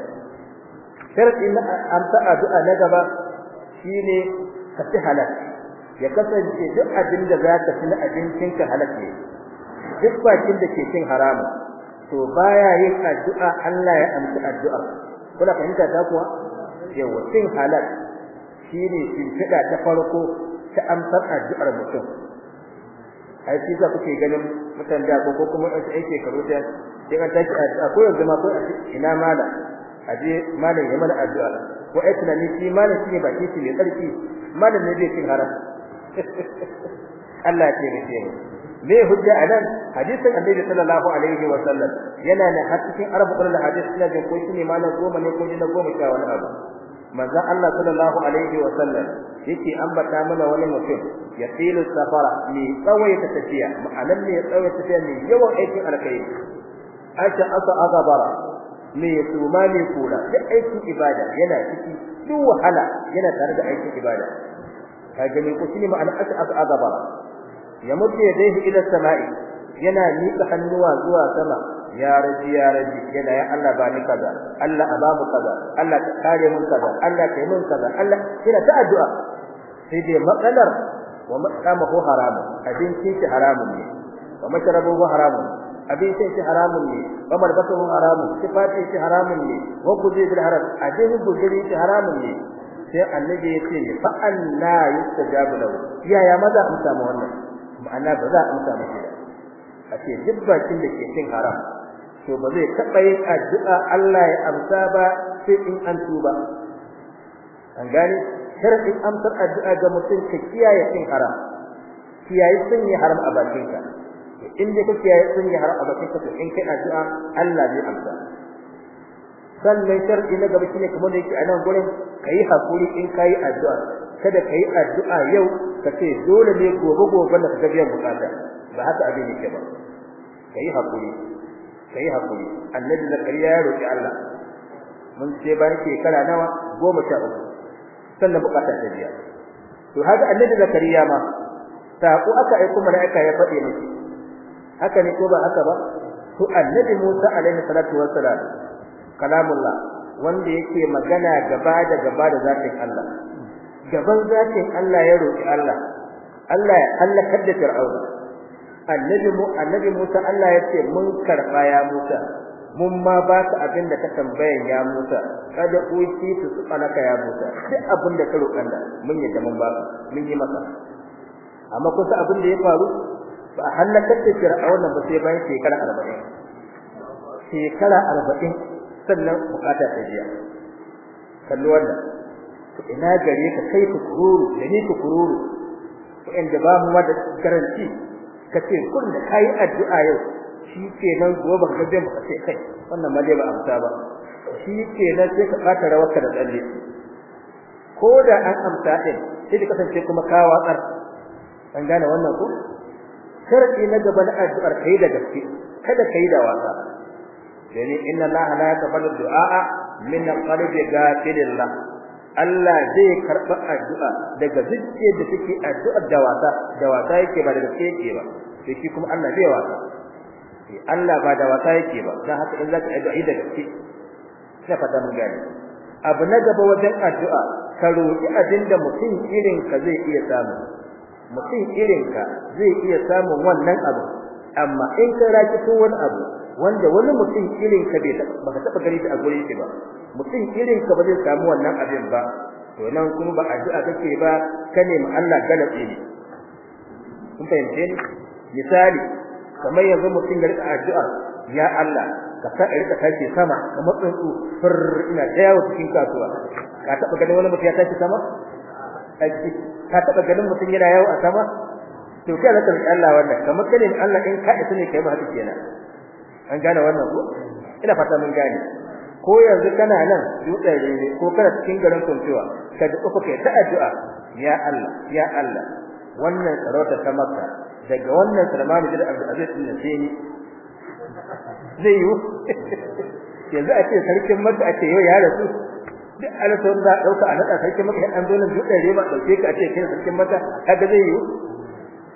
sharadi na amsa addu'a na gaba shine ka ci halal ya kasance duk abin da za ka ci na abincin ka halal ne duk bakin da ke cin haramu to baya yin addu'a Allah ya amsa addu'a kuna fahimta ta kuwa yawa cin halal shine shimfiɗa ta farko ta amsar addu'ar mutum ai shi za kuke ganin mutan da ko kuma wasu ai karo ta sai an tashi a koyar yanzu ma ko ina mala aje malam ya mana addu'a ko ai tunani shi malam shi ne baki shi mai tsarki malam ne zai cin haram Allah ya taimake mu me hujja anan hadisin annabi sallallahu alaihi wa sallam yana ne har cikin arba'ul hadis ina jin ko shi ne malam goma ne ko na goma sha wani abu manzo Allah sallallahu alaihi wa sallam yake ambata mana wani mutum ya tilu safara ni tsawai ta tafiya ma'anan ne ya tsawai tafiya ne yawan aikin alkai aisha asa azabara me tsoma me kora duk aikin ibada yana ciki duk wahala yana tare da aikin ibada kaga min kusini ma an asa azaba ya mutu ya yadayhi ila samai yana miƙa hannuwa zuwa sama ya raji ya raji yana ya Allah ba ni kaza Allah ababu kaza Allah ka kare mun kaza Allah kai mun kaza Allah kina ta addu'a sai dai matsalar wa maqamahu haramun abin ki haramun ne wa mashrabuhu haramun abincin shi haramun ne kamar bakahu haramun sifati shi haramun ne wa zai bil haram ajin guzuri shi haramun ne sai annabi ya ce fa anna yustajabu lahu ya ya maza amsa samu wannan ma'ana ba za a amsa shi a ce duk bakin da ke cin haram to ba zai taba yin addu'a Allah ya amsa ba sai in an tuba an gane sharadin amsar addu'a ga mutum ka kiyaye cin haram kiyaye sun yi haram a bakinka in dai kake yayi yi har abada kake in kai addu'a Allah zai amsa sannan sharadi na gaba shine kamar da yake a nan gurin kai hakuri in kai addu'a kada kai addu'a yau kace dole ne gobe gobe na ka biyan bukata ba haka abin yake ba kai hakuri kai hakuri annabi kariya ya roki Allah mun ce ke shekara nawa goma sha uku sannan bukata ta biya to haka annabi kariya ma sako aka aika mala'ika ya fade miki haka ne ko ba haka ba to annabi Musa alaihi salatu wassalam kalamullah wanda yake magana gaba da gaba da zatin Allah gaban zatin Allah ya roki Allah Allah ya halakar da Fir'auna annabi mu annabi Musa Allah ya ce mun karba ya Musa mun ma ba ka abin da ka tambaya ya Musa kada uci su tsalaka ya Musa duk abin da ka roƙa Allah mun yi da mun ba mun yi maka amma kusa abin da ya faru ba halakar da fir'auna ba sai bayan shekara 40 shekara 40 sannan bukata ta jiya kallo wannan to ina gare ka kai ku kururu da ni ku kururu in da ba mu da garanti kace kun da kai addu'a yau shi ke nan gobe ka je ka ce kai wannan ma dai ba amsa ba shi ke nan sai ka fata rawarka da tsalle ko da an amsa din sai ka kasance kuma ka watsar an gane wannan ko sharadi na gaba na addu'ar kai da gaske kada kai da wasa dani inna allaha la yaqbalu du'a min qalbi ghafilillah Allah zai karba addu'a daga zuciyar da take addu'ar da wasa da wasa yake ba da gaske yake ba sai shi kuma Allah zai wasa Allah ba da wasa yake ba dan haka in zaka addu'a da gaske sai fata mun gani abu na gaba wajen addu'a ka roki abinda mutum irin ka zai iya samu mutum irinka zai iya samun wannan abu amma in ka raki ko wani abu wanda wani mutum irinka bai baka taba gani shi a gurin shi ba mutum irinka ba zai samu wannan abin ba to nan kuma ba addu'a kake ba ka nemi Allah galabe ne kun fahimce ni misali kamar yanzu mutum ya rika addu'a ya Allah ka sa rika tashi sama kamar tsuntsu fur ina dayawa cikin kasuwa ka taba gani wani mutum ya tashi sama haji ka taba ganin mutun yana yawo a sama to kai zaka bi Allah wannan kamar kalin Allah in ka isa ne kai ba haji kenan an gane wannan ko ina fata mun gane ko yanzu kana nan dutsen ne ko kana cikin garin kuntuwa ka ji uku kai ta addu'a ya Allah ya Allah wannan tsarota ta Makka daga wannan Sulaiman da Abdul Aziz bin Nasini zai yi (laughs) yanzu a ce sarkin Makka ake yau ya rasu duk alasan da dauka a nada sarki maka an zo nan dare ba dauke ka ce kin sarkin mata kaga zai yi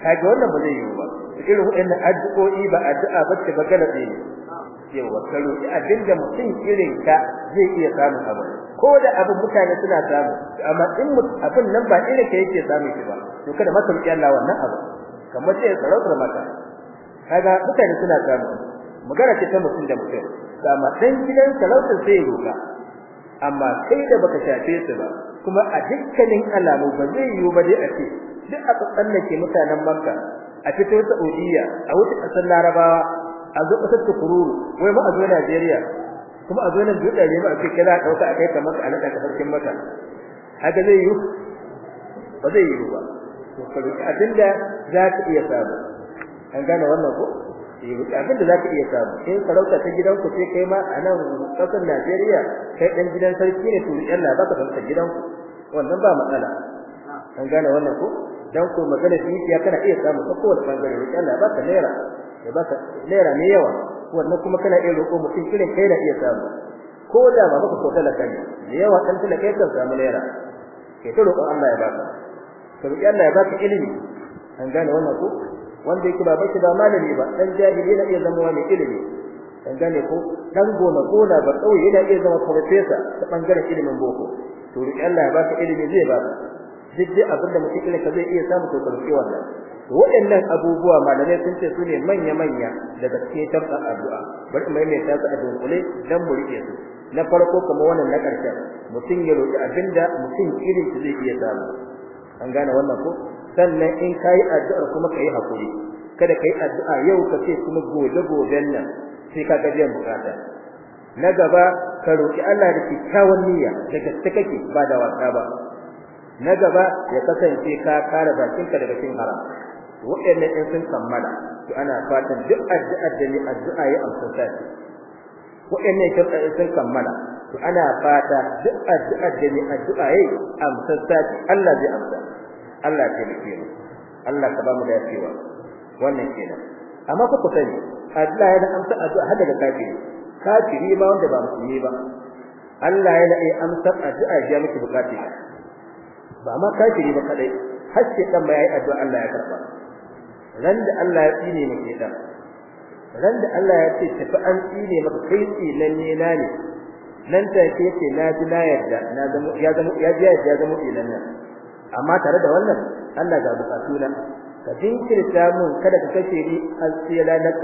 kaga wannan ba zai yi ba irin wannan addu'o'i ba addu'a ba ce bagala ne ke cewa karo abin da mutum irin ka zai iya samu abu ko da abin mutane suna samu amma in abin nan ba irin ka yake samu shi ba to kada maka sauki Allah wannan abu kamar sai sarautar mata kaga mutane suna samu magana ce ta mutum da mutum amma dan gidan sarautar sai roka amma kai da baka shafe su ba kuma a dukkanin alamu ba zai yiwu ba dai a ce duk aka tsallake mutanen Makka a fito Saudiya a wuce kasar Larabawa a zo kasar Tukururu wai ma a zo Najeriya kuma a zo nan duk dare ba a ce kira dauka a kai ta kamar a naka kafarkin Makka haka zai yiwu ba zai yiwu ba to abinda za ka iya samu an gane wannan ko Eh, abin da za ka iya samu sai sarauta ta gidanku sai kai ma a nan kasar Najeriya kai ɗan gidan sarki ne to yalla za ka sarauta gidanku wannan ba matsala an gane wannan ko dan ko magana dukiya kana iya samu ta kowace bangare yalla ba ka naira da ba ka naira ne yawa wannan kuma kana iya roƙo mutum kiran kai da iya samu ko da ba baka ko talaka ne da yawa dan kai kan samu naira kai ta roƙo Allah ya baka to Allah ya baka ilimi an gane wannan ko wanda yake ba shi ba malami ba dan jahili yana iya zama wani ilimi dan gane ko dan gona gona ba kauye yana iya zama professor ta bangaren ilimin boko to riƙe Allah ya baka ilimi zai baka duk dai abin da mutum ka zai iya samu to karfi wannan waɗannan abubuwa malamai sun ce su ne manya-manya daga cikin tarkar addu'a bari mai mai tasa a dole dan mu riƙe su na farko kuma wannan na karshe mutum ya roki abinda mutum irin zai iya samu an gane wannan ko sannan in kai addu'ar kuma kai hakuri kada kai addu'a yau ka ce kuma gobe goben nan sai ka ga biyan bukata na gaba ka roki Allah da kikkiawar niyya da gaske kake ba da wasa ba na gaba ya kasance ka kare bakinka daga cin haram wa'annan in sun kammala to ana fatan duk addu'ar da ni addu'a ya amsa ta wa'annan sharɗa in sun kammala to ana fata duk addu'ar da ni addu'a ya amsa ta Allah zai amsa Allah ya taimake mu Allah ka ba mu dacewa wannan kenan amma ku ku sani Allah ya amsa addu'a har daga kafiri kafiri ba wanda ba musulmi ba Allah ya da amsa addu'a ya miki bukati ba ma kafiri ba kadai har sai dan mai addu'a Allah ya karba ran da Allah ya tsine miki dan ran da Allah ya ce tafi an tsine maka kai tsinan ne na ne nan take ce na ji na yarda na zama ya zama ya ji ya zama tsinan nan amma tare da wannan Allah ga bukatu na ka jinkirta mun kada ka kace ni har sai ranar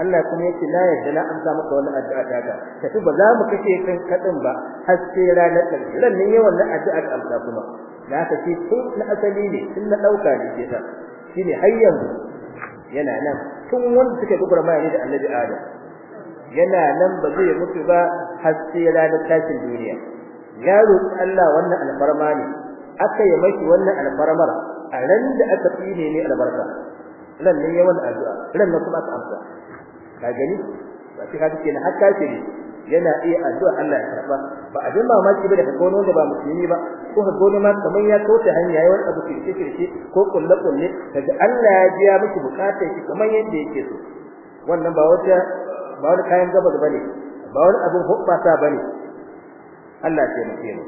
Allah kuma yake la yadda na amsa maka wannan addu'a daga ka tafi ba za mu kace kan kadin ba har sai ranar ran ne yawan addu'a ka amsa kuma Na ka ce tun na asali ne tun na dauka ne ke ta shine har yana nan tun wanda suka gubra mai da Annabi Adam yana nan ba zai mutu ba har sai tashin duniya ya roƙi Allah wannan alfarma ne aka yi maki wannan alfarmar a ran da aka tsine ne albarka ran ne yawan addu'a ran ne kuma aka amsa ka gani ba shi hadisi ne hakka ce yana iya addu'a Allah ya karba ba a jin mamaki ba da ka kono da ba musulmi ba ko ka kono ma kaman ya kauce hanya yawan abu kirki kirki ko kullu kullu kaga Allah ya biya miki bukatar ki kaman yadda yake so wannan ba wata ba wani kayan gaba bane ba wani abin ta bane Allah ya taimake mu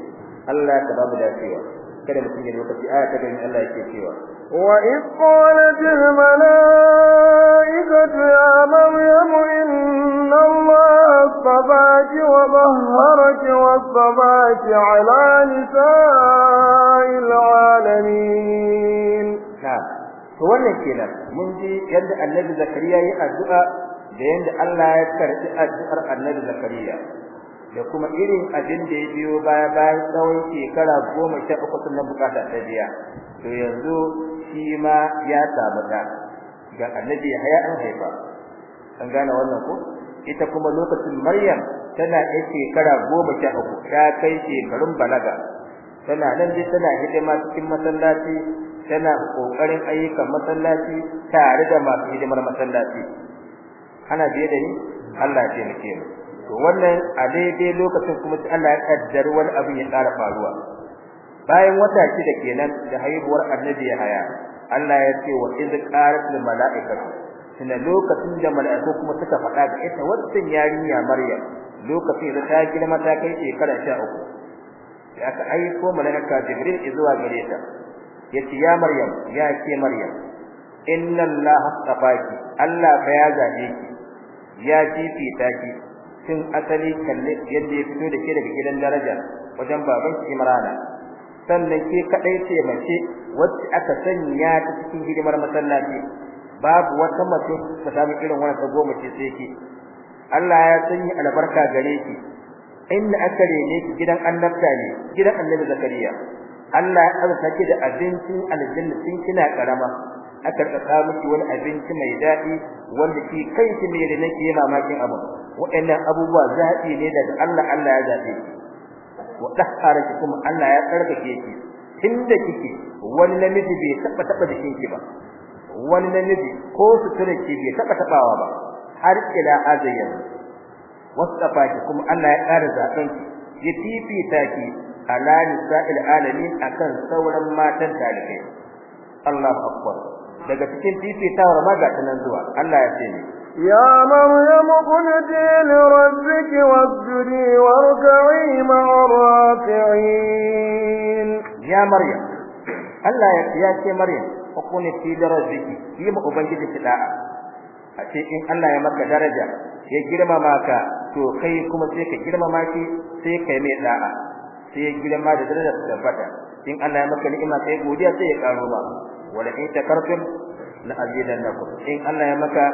Allah ka babu dacewa kada mutum ya lokaci aya ta gani Allah yake cewa wa in qalat malaikatu ya maryam inna allaha sabaki wa bahharaki wa sabaki ala nisa'il alamin ka to wannan kenan mun ji yadda annabi zakariya ya addu'a da yadda Allah ya karbi addu'ar annabi zakariya da kuma irin abin da ya biyo baya bayan tsawon shekara goma sha uku sun bukata ta biya to yanzu shi ma ya samu ta ga annabi haya an haifa an gane wannan ko ita kuma lokacin maryam tana ɗan shekara goma sha uku ta kai shekarun balaga tana nan dai tana hidima cikin masallaci tana kokarin ayyukan masallaci tare da masu hidimar masallaci ana biye da ni Allah ya taimake mu to wannan a daidai lokacin kuma sai Allah ya kaddar wani abu ya fara faruwa bayan wata da kenan da haihuwar annabi Yahaya Allah ya ce wa iz qarat lil mala'ikatu tunda lokacin da mala'iku kuma suka faɗa ga ita wannan yarinya Maryam lokacin da ta gina ta kai shekara 13 ya ka aiko mala'ika Jibril zuwa gare ta yace ya Maryam ya ce Maryam inna Allah tafaki Allah ya zabe ki ya ji fitaki tun asali kalle yadda ya fito da ke daga gidan daraja wajen baban Imrana sannan ke kadai ce mace wacce aka sanya ta cikin hidimar masallaci babu wata mace ta samu irin wannan ta goma ce sai ki Allah ya sanya albarka gare ki inda aka rene ki gidan annabta ne gidan annabi Zakariya Allah ya azurta ki da abincin aljanna tun kina karama aka tsaka miki wani abinci mai dadi wanda ki kanki da nake yana mamakin abu waɗannan abubuwa zaɓi ne daga Allah Allah ya zaɓe ki wa dahara ki kuma Allah ya tsarkake ki tunda kike wani namiji bai taba taba jikin ki ba wani namiji ko sutura ki bai taba tabawa ba har ila azayyan wasafa ki kuma Allah ya ƙara zaɓen ki ya fifita ki ala alamin akan sauran matan talibai Allahu akbar daga cikin fifitawar ma ga zuwa Allah ya ce يا مريم قلتي لربك واسجدي واركعي مع الراكعين يا مريم الله يا يا مريم قلتي لربك يما ubangiji da'a a ce in Allah ya maka daraja ya girmama ka to kai kuma sai ka girmama shi sai kai mai da'a sai girma da daraja da fata in Allah ya maka ni'ima sai godiya sai ya karo ba wala in takartum la azidannakum in Allah ya maka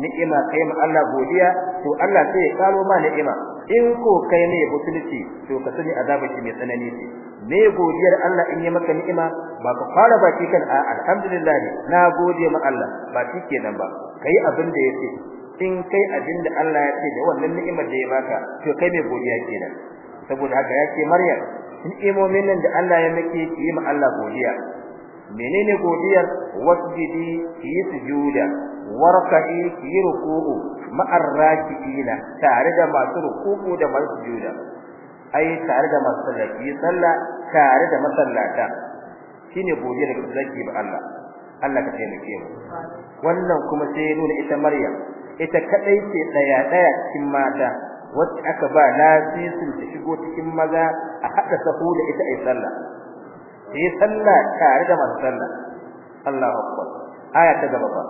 ni'ima kai ma Allah godiya to Allah sai ya karo ma ni'ima in ko kai ne butulci to ka sani azabin shi mai tsanani ne me godiyar Allah in yi maka ni'ima ba ka fara baki kan a alhamdulillah na gode ma Allah ba nan ba kai abin da yake in kai abin da Allah ya ce da wannan ni'imar da ya baka to kai mai godiya kenan saboda haka yake Maryam ni'imomin nan da Allah ya miki ki yi ma Allah godiya menene godiyar wasjidi ki yi sujuda warqa'i yirku'u ruku'u tare da masu ruku'u da masu juda ai tare da masu sallaki sallah tare da masallata shine godiya da zaki ba Allah Allah ka taimake mu wannan kuma sai nuna ita Maryam ita kadai ce daya daya cikin mata wacce aka ba sisin ta shigo cikin maza a hada sahu da ita ai sallah sai sallah tare da masu sallah Allahu akbar aya ta gaba ba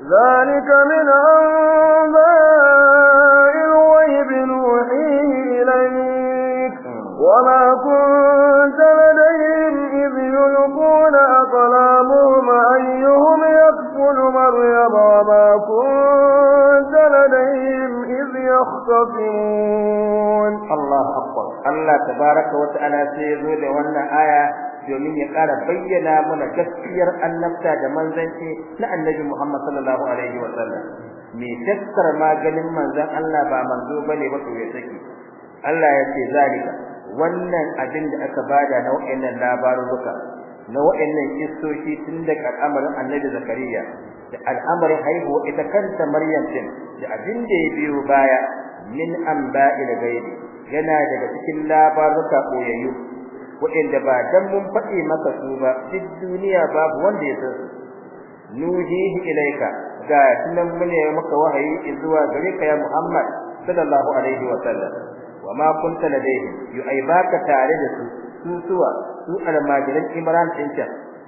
ذلك من أنباء الغيب نوحيه إليك وما كنت لديهم إذ يلقون أقلامهم أيهم يكفل مريم وما كنت لديهم إذ يختصمون الله أكبر الله تبارك وتعالى سيزود وأن آية domin ya ƙara bayyana mana gaskiyar annabta da manzanci na annabi Muhammad sallallahu alaihi wa sallam me shakkar maganin manzan Allah ba manzo bane ba to ya saki Allah ya ce zalika wannan abin da aka bada na wa'annan labaruka na wa'annan kissoshi tun daga al'amarin annabi Zakariya da al'amarin haihuwa ita kanta Maryam din da abin da ya biyo baya min anba'il ghaibi yana daga cikin labaruka koyayyu waɗanda ba dan mun faɗi maka su ba duk duniya babu wanda ya san su nuhihi ilaika ga sunan mune maka wahayi zuwa gare ka ya Muhammad sallallahu alaihi wa sallam kunta ladayhi yu ai tare da su su suwa su almajiran Imran din ta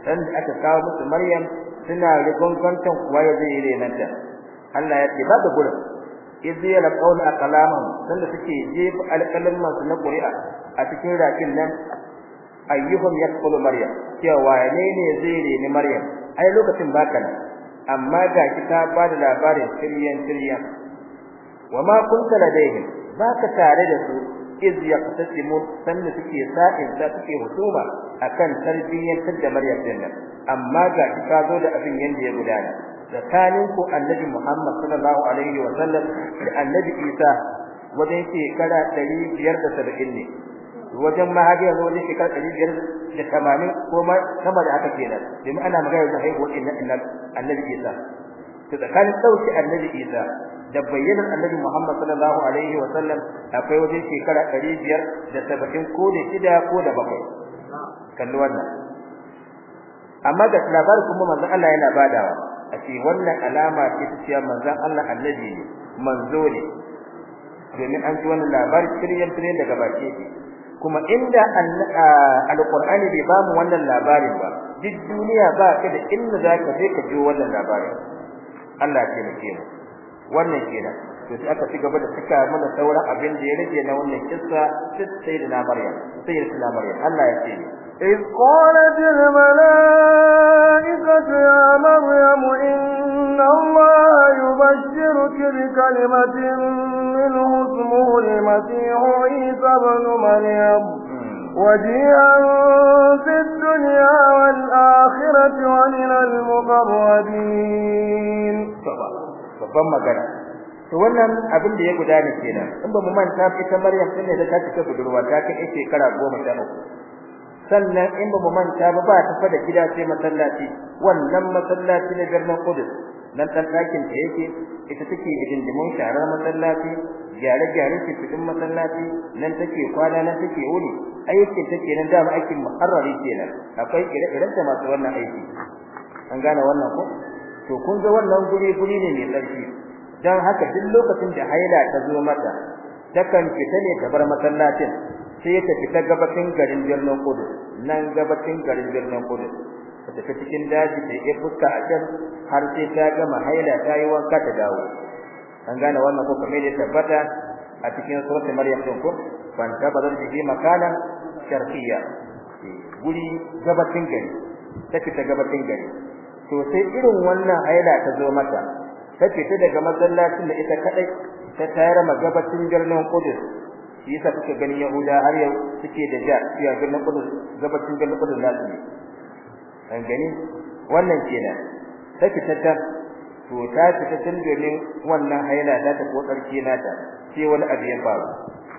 dan aka kawo musu Maryam suna rikon kantan kuwa ya zai ile nan ta Allah ya ce ba da gurin idza yalqaul aqlamahum sanda suke jefa alqalam masu na qur'a a cikin rakin nan ayyuhum yaqulu maryam ya wayene ne zai ni maryam ai lokacin baka amma ga kita ba da labarin sirriyan sirriyan wama kunta ladaihim baka tare da su iz yaqtasimun sanna suke sa'in da suke hutuba akan tarbiyyantar da maryam din nan amma ga kita zo da abin yanda ya gudana tsakanin ku annabi Muhammad sallallahu alaihi wa sallam da annabi Isa wajen shekara 570 ne wajen mahadi yanzu wajen shekara ɗari biyar da tamanin ko ma sama da haka kenan domin ana magana da haihuwar inna annabi isa to tsakanin ɗauki annabi isa da bayyanar annabi Muhammad sallallahu alaihi wa sallam akwai wajen shekara 570 ko da shida ko da bakwai kalli wannan amma da labarin kuma manzon Allah yana badawa a ce wannan alama ce ta cewa manzon Allah annabi ne manzo ne domin an ji wannan labarin kiryan kiryan daga baki kuma inda alqur'ani bai ba mu wannan labarin ba duk duniya ba ka da inda zaka je ka ji wannan labarin Allah ya taimake mu wannan kenan to sai aka ci gaba da saka mana sauran abin da ya rage na wannan kissa sai da na Maryam sai da Maryam Allah ya ce إذ قالت الملائكة يا مريم إن الله يبشرك بكلمة منه اسمه المسيح عيسى بن مريم وجيئا في الدنيا والآخرة ومن المقربين babban magana to wannan abin da ya gudana kenan in ba mu manta ita Maryam din ne da ta cika budurwa ta kai shekara 13 sannan in ba mu manta ba ba ta fada gida sai masallaci wannan masallaci ne garin Qudus dan dan dakin ta yake ita take hidindimin sharar masallaci gyare-gyare ke cikin masallaci nan take kwana nan take wuni aikin take nan dama aikin muharrari kenan akwai ire da masu wannan aiki an gane wannan ko to kun ga wannan guri guri ne mai tsarki dan haka duk lokacin da haila ta zo mata takan fita ne ta bar masallacin sai ta fita gabatin garin birnin kudu nan gabacin garin birnin kudu ta tafi cikin daji da yi fuska a can har sai ta gama haila ta yi wanka ta dawo an gane wannan ko kamar da tabbata a cikin suratul maryam din ko ban tabbatar da ji makana sharqiyya guri gabatin gari take ta gabatin gari to sai irin wannan haila ta zo mata take ta daga masallacin da ita kadai ta tayar ma gabatin garin Qudus yasa kuke ganin Yahuda har yau suke da ja ya ganin Qudus gabatin garin Qudus lafiya an gani wannan kenan sai ta to ta fita tun domin wannan haila ta ta ko karke nata sai wani abu ya faru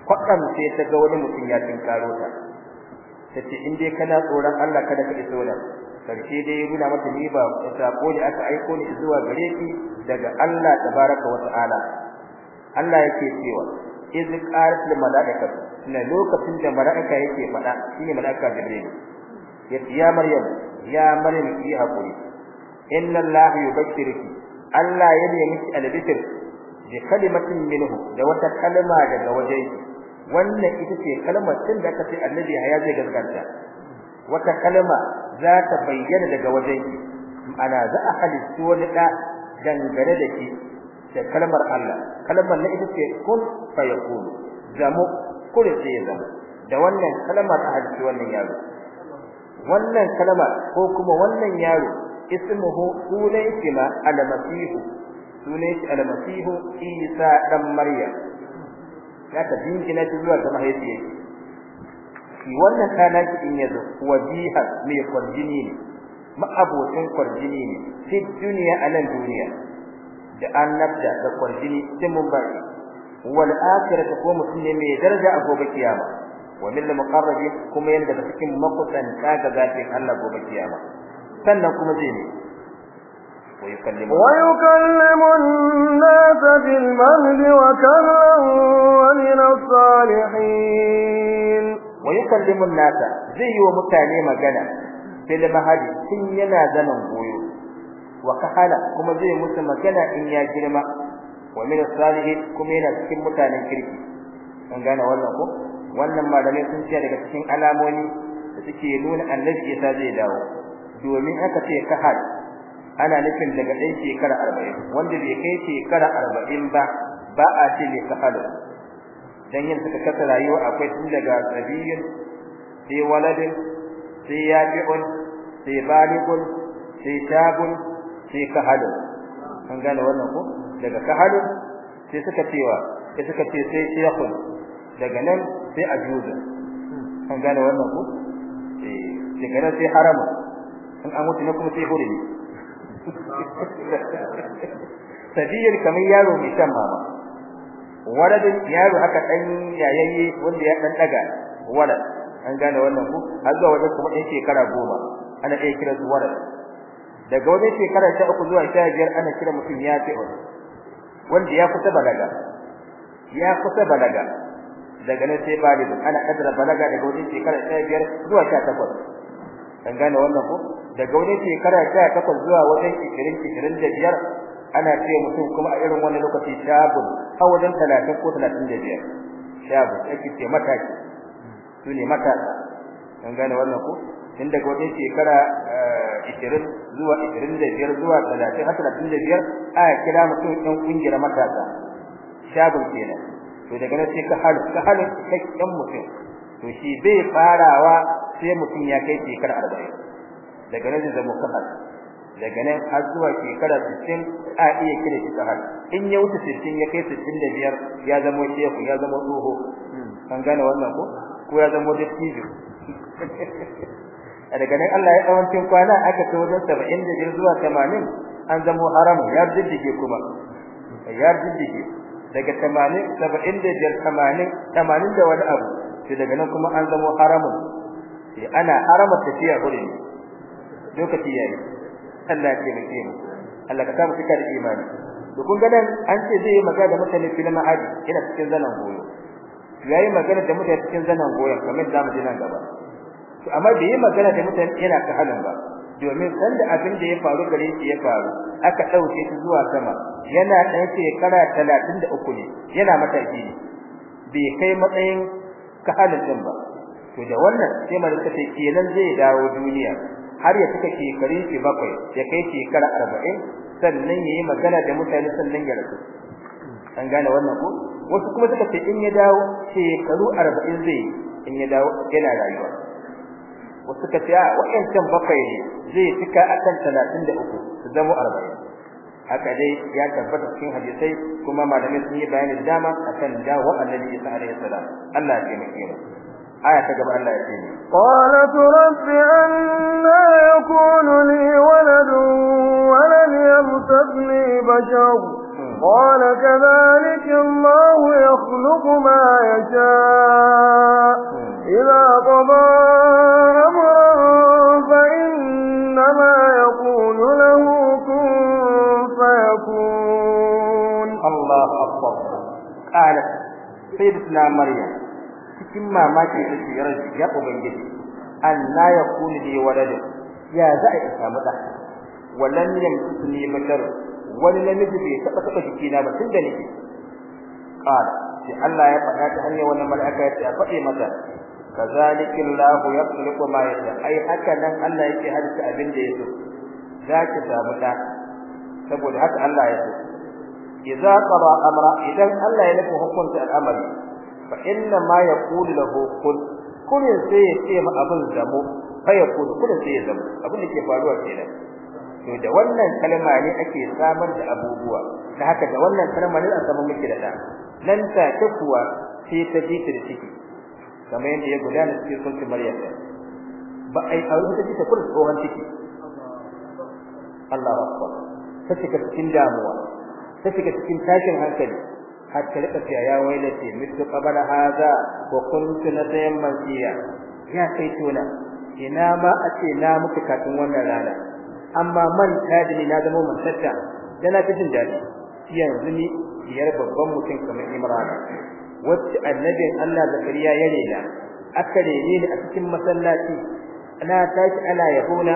kwakan sai ta ga wani mutum ya tinkaro ta tace in dai kana tsoron Allah kada ka iso nan karshe dai ya nuna mata ni ba sako ne aka aiko ni zuwa gare ki daga Allah tabaraka wa ta'ala Allah yake cewa iz qarat lil malaika na lokacin da malaika yake fada shine malaika jibril ya ya maryam ya maryam ki hakuri inna allaha yubashshiruki allah ya nemi ki albishir bi kalimatin minhu da wata kalma daga wajen wannan ita ce kalmar tun da aka ce annabi ya zai gaskata wata kalma za ta bayyana daga wajen ki ana za a halittu wani da dangane da ki da kalmar Allah kalmar na ita ce kun fayakun zamu kullu sai zamu da wannan kalmar a halittu wannan yaro wannan kalma ko kuma wannan yaro ismuhu sunan al-masihu sunan al-masihu isa dan maryam ya ta dingina shi zuwa ga mahaifiyar shi wannan kana shi in yazo wajiha mai kwarjini ne ma'abocin kwarjini ne fi duniya a nan duniya da annabta da kwarjini sai mun bari wal akhiratu ko mutum ne mai daraja a gobe kiyama wa min al-muqarrabi kuma yanda da cikin makusanta ga zafin Allah gobe kiyama sannan kuma ji ne wa yukallimu an-nasa wa karran wa min nasa zai yi wa mutane magana fil mahdi tun yana zaman goyo wa kahala kuma zai musu magana in ya girma wa min as-salihin kuma yana cikin mutanen kirki an gane wannan ko wannan malamai sun ce daga cikin alamomi da suke nuna annabi Isa zai dawo domin aka ce hal ana nufin daga ɗan shekara arba'in wanda bai kai shekara arba'in ba ba a ce ne hal dan yin suka kasa rayuwa akwai tun daga sabiyin sai waladin sai yabi'un sai baligun sai tabun sai ka hal an gane wannan ko daga ka hal sai suka cewa sai suka ce sai yaqul daga nan sai a juza an gane wannan ko eh daga nan sai harama in an mutu ne kuma sai hore (laughs) Sabiyar kamar yaro mai shan mama waradin yaro haka dan yayaye wanda ya dan daga walad an gane wannan ko har zuwa wajen kuma yake kara goma ana iya kira su walad daga wajen kara ta uku zuwa ta biyar ana kira mutum ya fi wanda ya kusa balaga ya kusa balaga daga nan sai balibu ana kadara balaga daga wajen shekara 15 zuwa 18 kan gane wannan ko daga wajen shekara 18 zuwa wajen 20 25 ana ce mutum kuma a irin wannan lokaci shabun a wajen 30 ko 35 shabu ake ce mataki su ne matasa kan gane wannan ko tun daga wajen shekara 20 eh, zuwa 25 zuwa 30 har 35 a kira mutum ɗan kungiyar matasa shabun kenan to daga nan sai ka haru ka halu cikakken mutum to shi bai farawa sai mutum ya kai shekara arba'in daga nan zai zama kahal daga nan har zuwa shekara 60 a iya kira shi haru in ya wuce 60 ya kai 65 biyar ya zama shehu ya zama tsoho kan gane wannan ko ko ya zama dattijo (laughs) daga nan Allah ya tsawon cin kwana aka ta wajen saba'in da zuwa tamanin an zama haramu ya jiddige kuma ya jiddige daga 80 75 80 80 da wani abu sai daga nan kuma an zama haramun sai eh, ana harama tafiya gurin lokaci yayi Allah ke rike mu Allah ka samu cikar imani to kun ga nan an ce zai yi magana da mutane filin ma'adi ina cikin zanan goyo yayi magana da mutane cikin zanan goyo kamar da mu ji gaba to amma bai yi magana da mutane ina kahalan ba domin sanda abin da ya faru gare shi ya faru aka dauke shi zuwa sama yana dan shekara 33 ne yana mataki bai kai matsayin kahalin din ba to da wannan sai malaka ce kenan zai dawo duniya har ya tuka shekarun shi bakwai ya kai shekara 40 sannan yayi magana da mutane sannan ya rasu an gane wannan ko wasu kuma suka ce in ya dawo shekaru 40 zai in ya dawo yana rayuwa وسكة يا وإن كان بقيه زي سكة أتن ثلاثين لأكو تزمو أربعين حتى دي يعني تنفت فيها جسي كما ما لمسني بين الدامة أتن جا وأنني يسعى عليه السلام الله يسعى آية تجب أن لا قالت رب أنا يكون لي ولد ولن يرسبني بشر قال كذلك الله يخلق ما يشاء إذا قضى أمرا فإنما يقول له كن فيكون الله أكبر قال سيدتنا مريم cikin mamaki da shi ran ya ubangiji Allah ya kula da wadada ya za a samu da wallan yanku ne bakar wani namiji bai taba taba shi na ba tunda nake قال sai Allah ya faɗa ta hanyar wannan mala'ika ya faɗe mata kazalika Allah yakhluqu ma yasha ai haka nan Allah yake halitta abin da yake zaki samu da saboda haka Allah ya so idza qara amra idan Allah ya nufi hukunta al'amari fa inna ma yaqulu lahu kun kun sai ya ce ma abin zamo fa yaqulu kun sai ya zamo abin da ke faruwa kenan to da wannan kalma ne ake samar da abubuwa da haka da wannan kalma ne an samu miki da ta. nan ta kuwa sai ta ji ta ciki kamar yadda ya gudana cikin sulkin maryam ba ai a rubuta ta kullu tsohon ciki Allah rabba ta cika cikin damuwa ta cika cikin tashin hankali har ta rika cewa ya wailata haza ko hadha wa kuntu tsayen mansiya ya kai tona ina ma a ce na muke kafin wannan rana amma man da ni na zama mantatta dana ta jin dadi yanzu ni biyar babban mutum kamar Imran wacce annabin Allah Zakariya ya rena aka rene ni a cikin masallaci ana tashi ana yahuna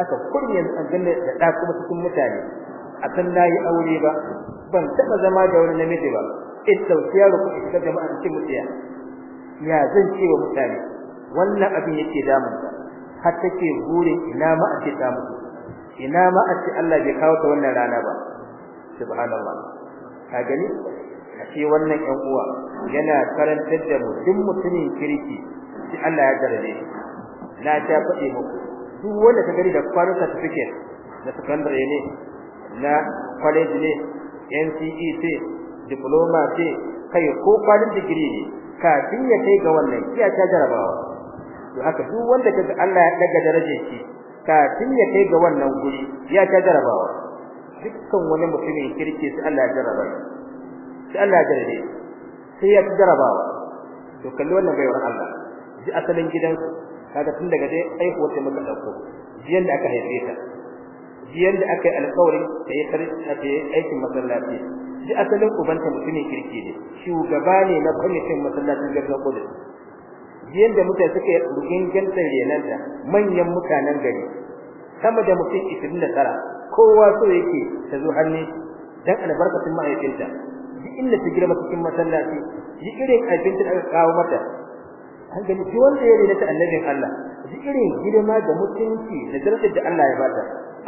aka kunyan aljanna da da kuma cikin mutane A san nayi aure ba ban taba zama da wani namiji ba in tausiya ku ita jama'a cikin mutiya ya zan ce wa mutane wannan abin yake damun ka har take gure ina ma ake mu ina ma ake Allah bai kawo ta wannan rana ba subhanallah ka gani ce wannan ƴan uwa yana karantar da mu duk mutumin kirki shi Allah ya garbe na ta faɗe muku duk wanda ka gari da kwano certificate da secondary ne na college ne NCE ce diploma ce kai ko kwalin digiri ne kafin ya kai ga wannan iya ta jarabawa to haka duk wanda ga Allah ya daga darajar shi kafin ya kai ga wannan guri ya ta jarabawa dukkan wani mutumin kirki sai Allah ya jarabawa sai Allah ya jarabe sai ya jarabawa to kalli wannan wurin Allah ji asalin gidan kaga tun daga dai ai ko sai muka dauko jiyan da aka haife ta jiyan da aka yi alƙawari da ya ta da aikin masallaci ji asalin ubanta mutumin kirki ne shugaba ne na kwamitin masallacin garin Kudu jiyan da mutane suka yi rugin gantar renanta manyan mutanen gari sama da mutum 29 kowa so yake ta zo hannu dan albarkatun mahaifinta duk inda ta girma cikin masallaci duk irin abinci da aka kawo mata an gani shi wanda ya rena annabin Allah duk irin girma da mutunci da darajar da Allah ya bata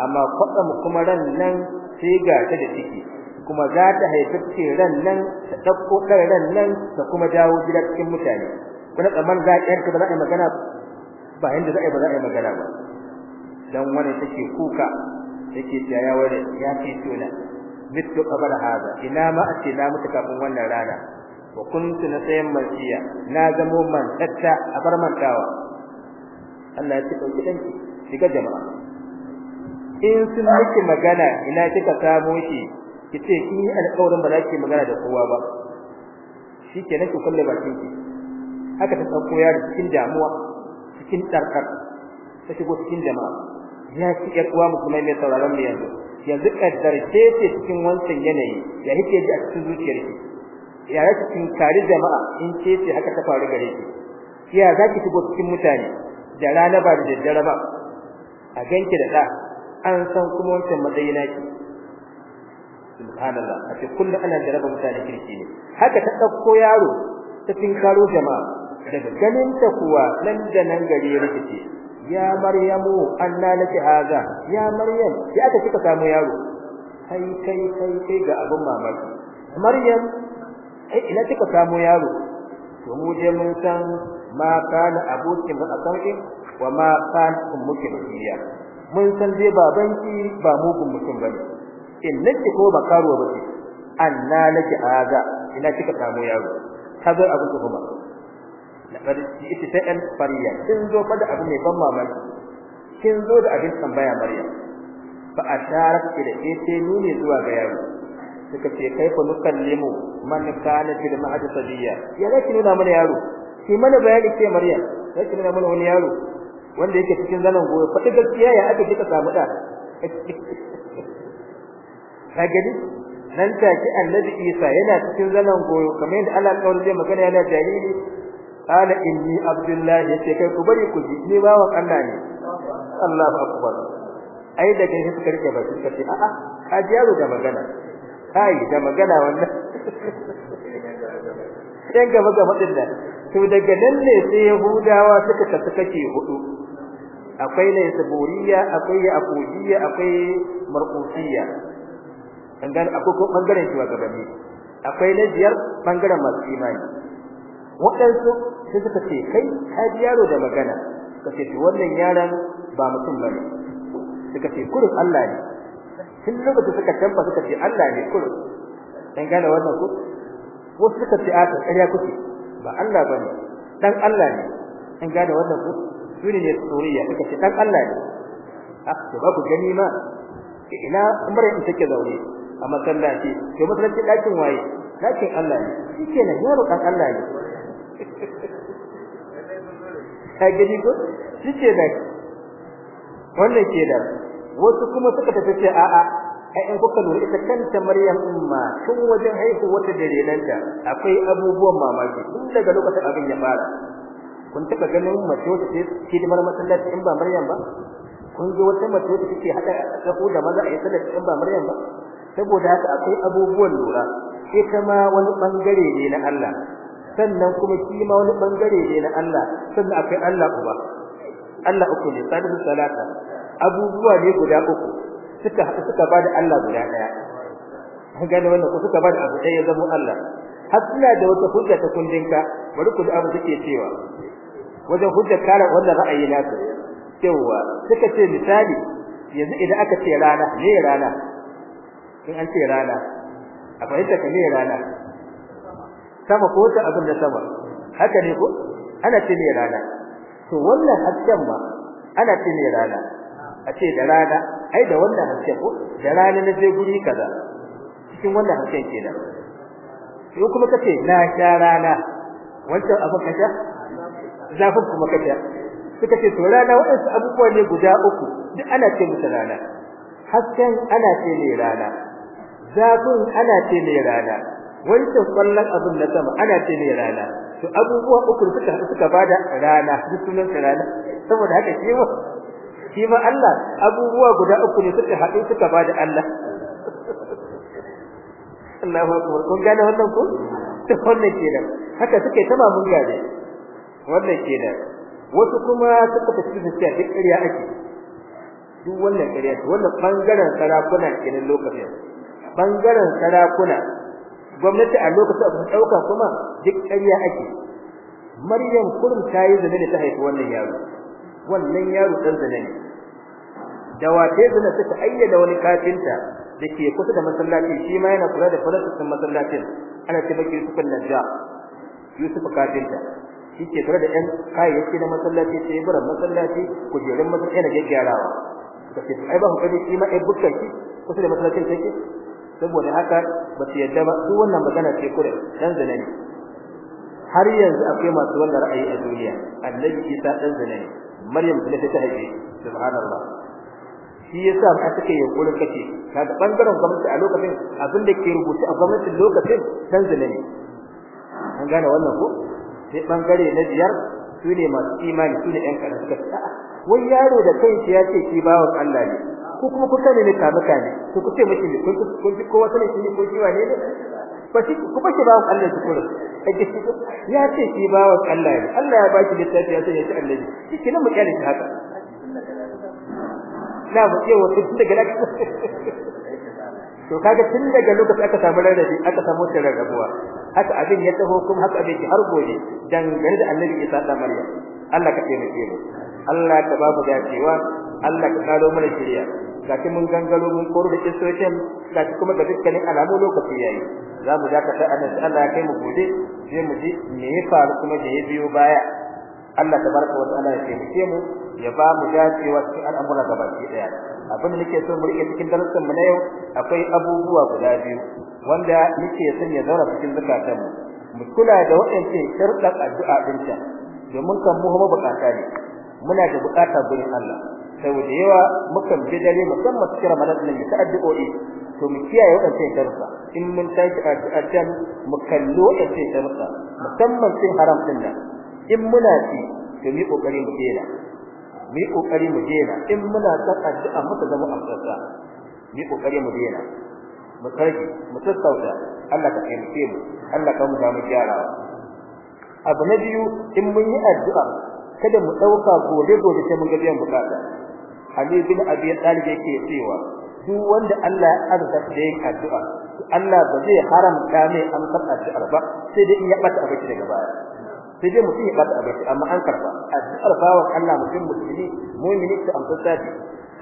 amma kwatsam kuma ran nan sai ga ta da ciki kuma za ta haifi ce ran nan ta dauko kar ran nan ta kuma dawo gida cikin mutane kuna tsaman za ka yanka ba za a yi magana ba yanda za a yi ba magana ba dan wani take kuka take tayawa wani ya ce tona mitu qabla hada ina ma ace na mutu kafin wannan rana wa kuntu na sayan marjiya na zamo man tatta a bar mantawa Allah ya tsiko kidan ki shiga jama'a in sun miki magana ina kika samu shi kice ki yi alƙawarin ba za ki magana da kowa ba shikenan nake kulle bakin ki haka ta sauko ya cikin damuwa cikin tarkar ta shigo cikin jama'a ya ci ƴar uwa musulmai ne sauraron mu yanzu yanzu kaddarce ce cikin wancan yanayi ya hike ji a cikin zuciyar shi ya yake cikin tare jama'a in ce ce haka ta faru gare shi ya zaki shigo cikin mutane da rana ba da daddare ba a ganki da da an san kuma wancan matsayi na naki subhanallah a cikin kullu ana da raba mutane kirki ne haka ta dauko yaro ta tinkaro jama'a daga ganin ta kuwa nan da nan gari gare rikici ya maryamu anna laki haza ya maryam ya aka kika samu yaro kai kai kai kai ga abun mamaki maryam eh ina kika samu yaro to mu je mun san ma kana abokin ba akanki wa ma kana ummuki biya mun san dai babanki ba mugun mutum bane in nake ko ba karuwa bace anna laki haza ina kika samu yaro kaga abun kuma laqad fariya kin zo fa da abu mai ban mamaki kin zo da abin tambaya maryam fa asharat ila ita nuni zuwa ga yaro suka ce kai fa nukallimu man kana fil ma'ad sadiya ya zaki nuna mana yaro ki mana bayani ce maryam zaki nuna mana wani yaro wanda yake cikin zanan goyo fa gaskiya ya aka kika samu da (laughs) kagani nan take annabi Isa yana cikin zanan goyo kamar yadda Allah ya zai magana yana jariri qala inni Abdullahi, yace kai ku bari ku ji ni bawan ne Allahu akbar ai da kai suka rike baki kace a'a ka ji yaro da magana kai da magana wannan dan gaba gaba din nan to daga nan ne sai yahudawa suka tafi kake hudu akwai ne saburiya akwai akujiya akwai marqusiya akwai ko bangaren shi wa akwai na bangaren masu imani waɗansu sai suka ce kai haji yaro da magana suka ce wannan yaron ba mutum ba ne suka ce kurus Allah ne tun lokacin suka tamba suka ce Allah ne kurus dan gane wannan ku wasu suka ce a ƙarya kuke ba Allah bane dan Allah ne dan gane wannan ku sune ne suriya suka ce dan Allah ne aka ah, ba ku gani ma ina umrin take zaune a masallaci to masallacin dakin waye dakin Allah ne shikenan yaro dan Allah ne ka gani ko ce da wannan ke da wasu kuma suka tafi ce a a ai in kuka lura ita kanta Maryam umma tun wajen haihu wata dalilanta akwai abubuwan mamaki tun daga lokacin abin ya fara kun taka ganin mace wata ce hidimar masallaci in ba Maryam ba kun ji wata mace wata ce hada ko da maza a sallar in ba Maryam ba saboda haka akwai abubuwan lura ita ma wani bangare ne na Allah sannan kuma shi ma wani bangare ne na Allah sannan akwai Allah uba Allah uku ne salihu salata abubuwa ne guda uku suka haɗu suka bada Allah guda daya an gane wannan ko suka bada abu ɗaya zama Allah har suna da wata hujja ta kundinka bari ku da abu take cewa wajen hujja kala wannan ra'ayi na ka cewa suka ce misali yanzu idan aka ce rana ne rana in an ce rana a fahimta ka ne rana sama ko ta abin da sama haka ne ko ana cinye rana to wannan hasken ma ana cinye rana a ce da rana ai da wannan hasken ko da rana na je guri kaza cikin wannan hasken da yau kuma kace na sha rana wancan abin kaza zafin kuma kace suka ce to rana waɗansu abubuwa ne guda uku duk ana ce musu rana hasken ana ce ne rana zafin ana ce ne rana wai to kallon abin na sama ana ce ne rana to abubuwa uku suka suka bada rana sunan rana saboda haka shi ma shi ma Allah abubuwa guda uku ne suka haɗu suka bada Allah Allahu akbar kun gane wannan ko to wannan kenan haka suke tama mun ne wannan kenan wasu kuma suka tafi da cewa duk ƙarya ake duk wannan ƙarya wannan bangaren sarakuna kenan lokacin bangaren sarakuna gwamnati a lokacin da ta dauka kuma duk ƙarya ake Maryam kullum ta yi zane ne ta haifi wannan yaro wannan yaro dan zane ne da wace zane ta ayyana wani kafinta dake kusa da masallaci shi ma yana kula da falasin masallacin ana ce baki kullun da Yusuf kafinta shi ke tare da ɗan kayayyaki na masallaci sai ya bar masallaci kujerun masallaci da gyarawa kace ai ba ku kaje shi ma ai bukkan ki kusa da masallacin take saboda haka ba su yadda ba su wannan magana ce kure dan zanani ne har yanzu akwai masu wannan ra'ayi a duniya annabi isa dan zanani ne maryam kuma ta haife subhanallah shi yasa ba take yunkurin kace kaga bangaren gwamnati a lokacin abin da ke rubuta a gwamnatin lokacin dan zanani ne an gane wannan ko sai bangare na biyar su ne masu imani su ne yan karanta wai yaro da kai ya ce ki bawa Allah ne ko kuma kun sani ne kamuka ne to ku ce miki kun kun ko wata ne shi ko kiwa ne ba shi ku shi ba Allah shi kullum kake shi ya ce shi wa Allah ne Allah ya baki littafi ya ce ya ce Allah ne shi kina mu kyale shi haka na mu ce wato tun daga lokaci to kaga tun daga lokaci aka samu rarrabe aka samu rarrabuwa haka abin ya taho kuma haka abin har gobe gari da Allah ya da Maryam Allah ka taimake mu Allah ka ba mu dacewa Allah ka karo mana shiriya gashi mun gangaro mun koro da istration gashi kuma da dukkanin alamu lokaci yayi za mu dakata anan Allah ya kai mu gobe sai mu ji me ya faru kuma da ya biyo baya Allah tabaraka wa ta'ala ya taimake mu ya ba mu dacewa cikin al'amura gabaki daya abin da nake so mu rike cikin darasin mu na yau akwai abubuwa guda biyu wanda nake son ya zaura cikin zakatan mu mu kula da waɗancan sharɗan addu'a ɗinta domin kan mu kuma bukata ne muna da bukata gurin Allah sau da yawa mukan bi dare musamman cikin Ramadan nan da addu'o'i to mu kiyaye wadannan darsa in mun tashi a can mu kallo wadannan darsa musamman cikin haram din nan in muna ci to mu kokari mu dena mu kokari mu dena in muna san addu'a muka zama amsarsa mu kokari mu dena mu sarki mu tsauta Allah ka taimake mu Allah ka mu ga mu gyarawa abu na biyu in mun yi addu'a kada mu dauka gobe gobe sai mun ga biyan bukata Ali bin Abi Talib yake cewa duk wanda Allah ya azurta da yake addu'a Allah ba zai haramta mai an karɓa shi arba sai dai in ya bata abaki daga baya sai dai mutum ya bata abaki amma an karɓa addu'ar bawan Allah mutum musulmi mu'mini ta amsa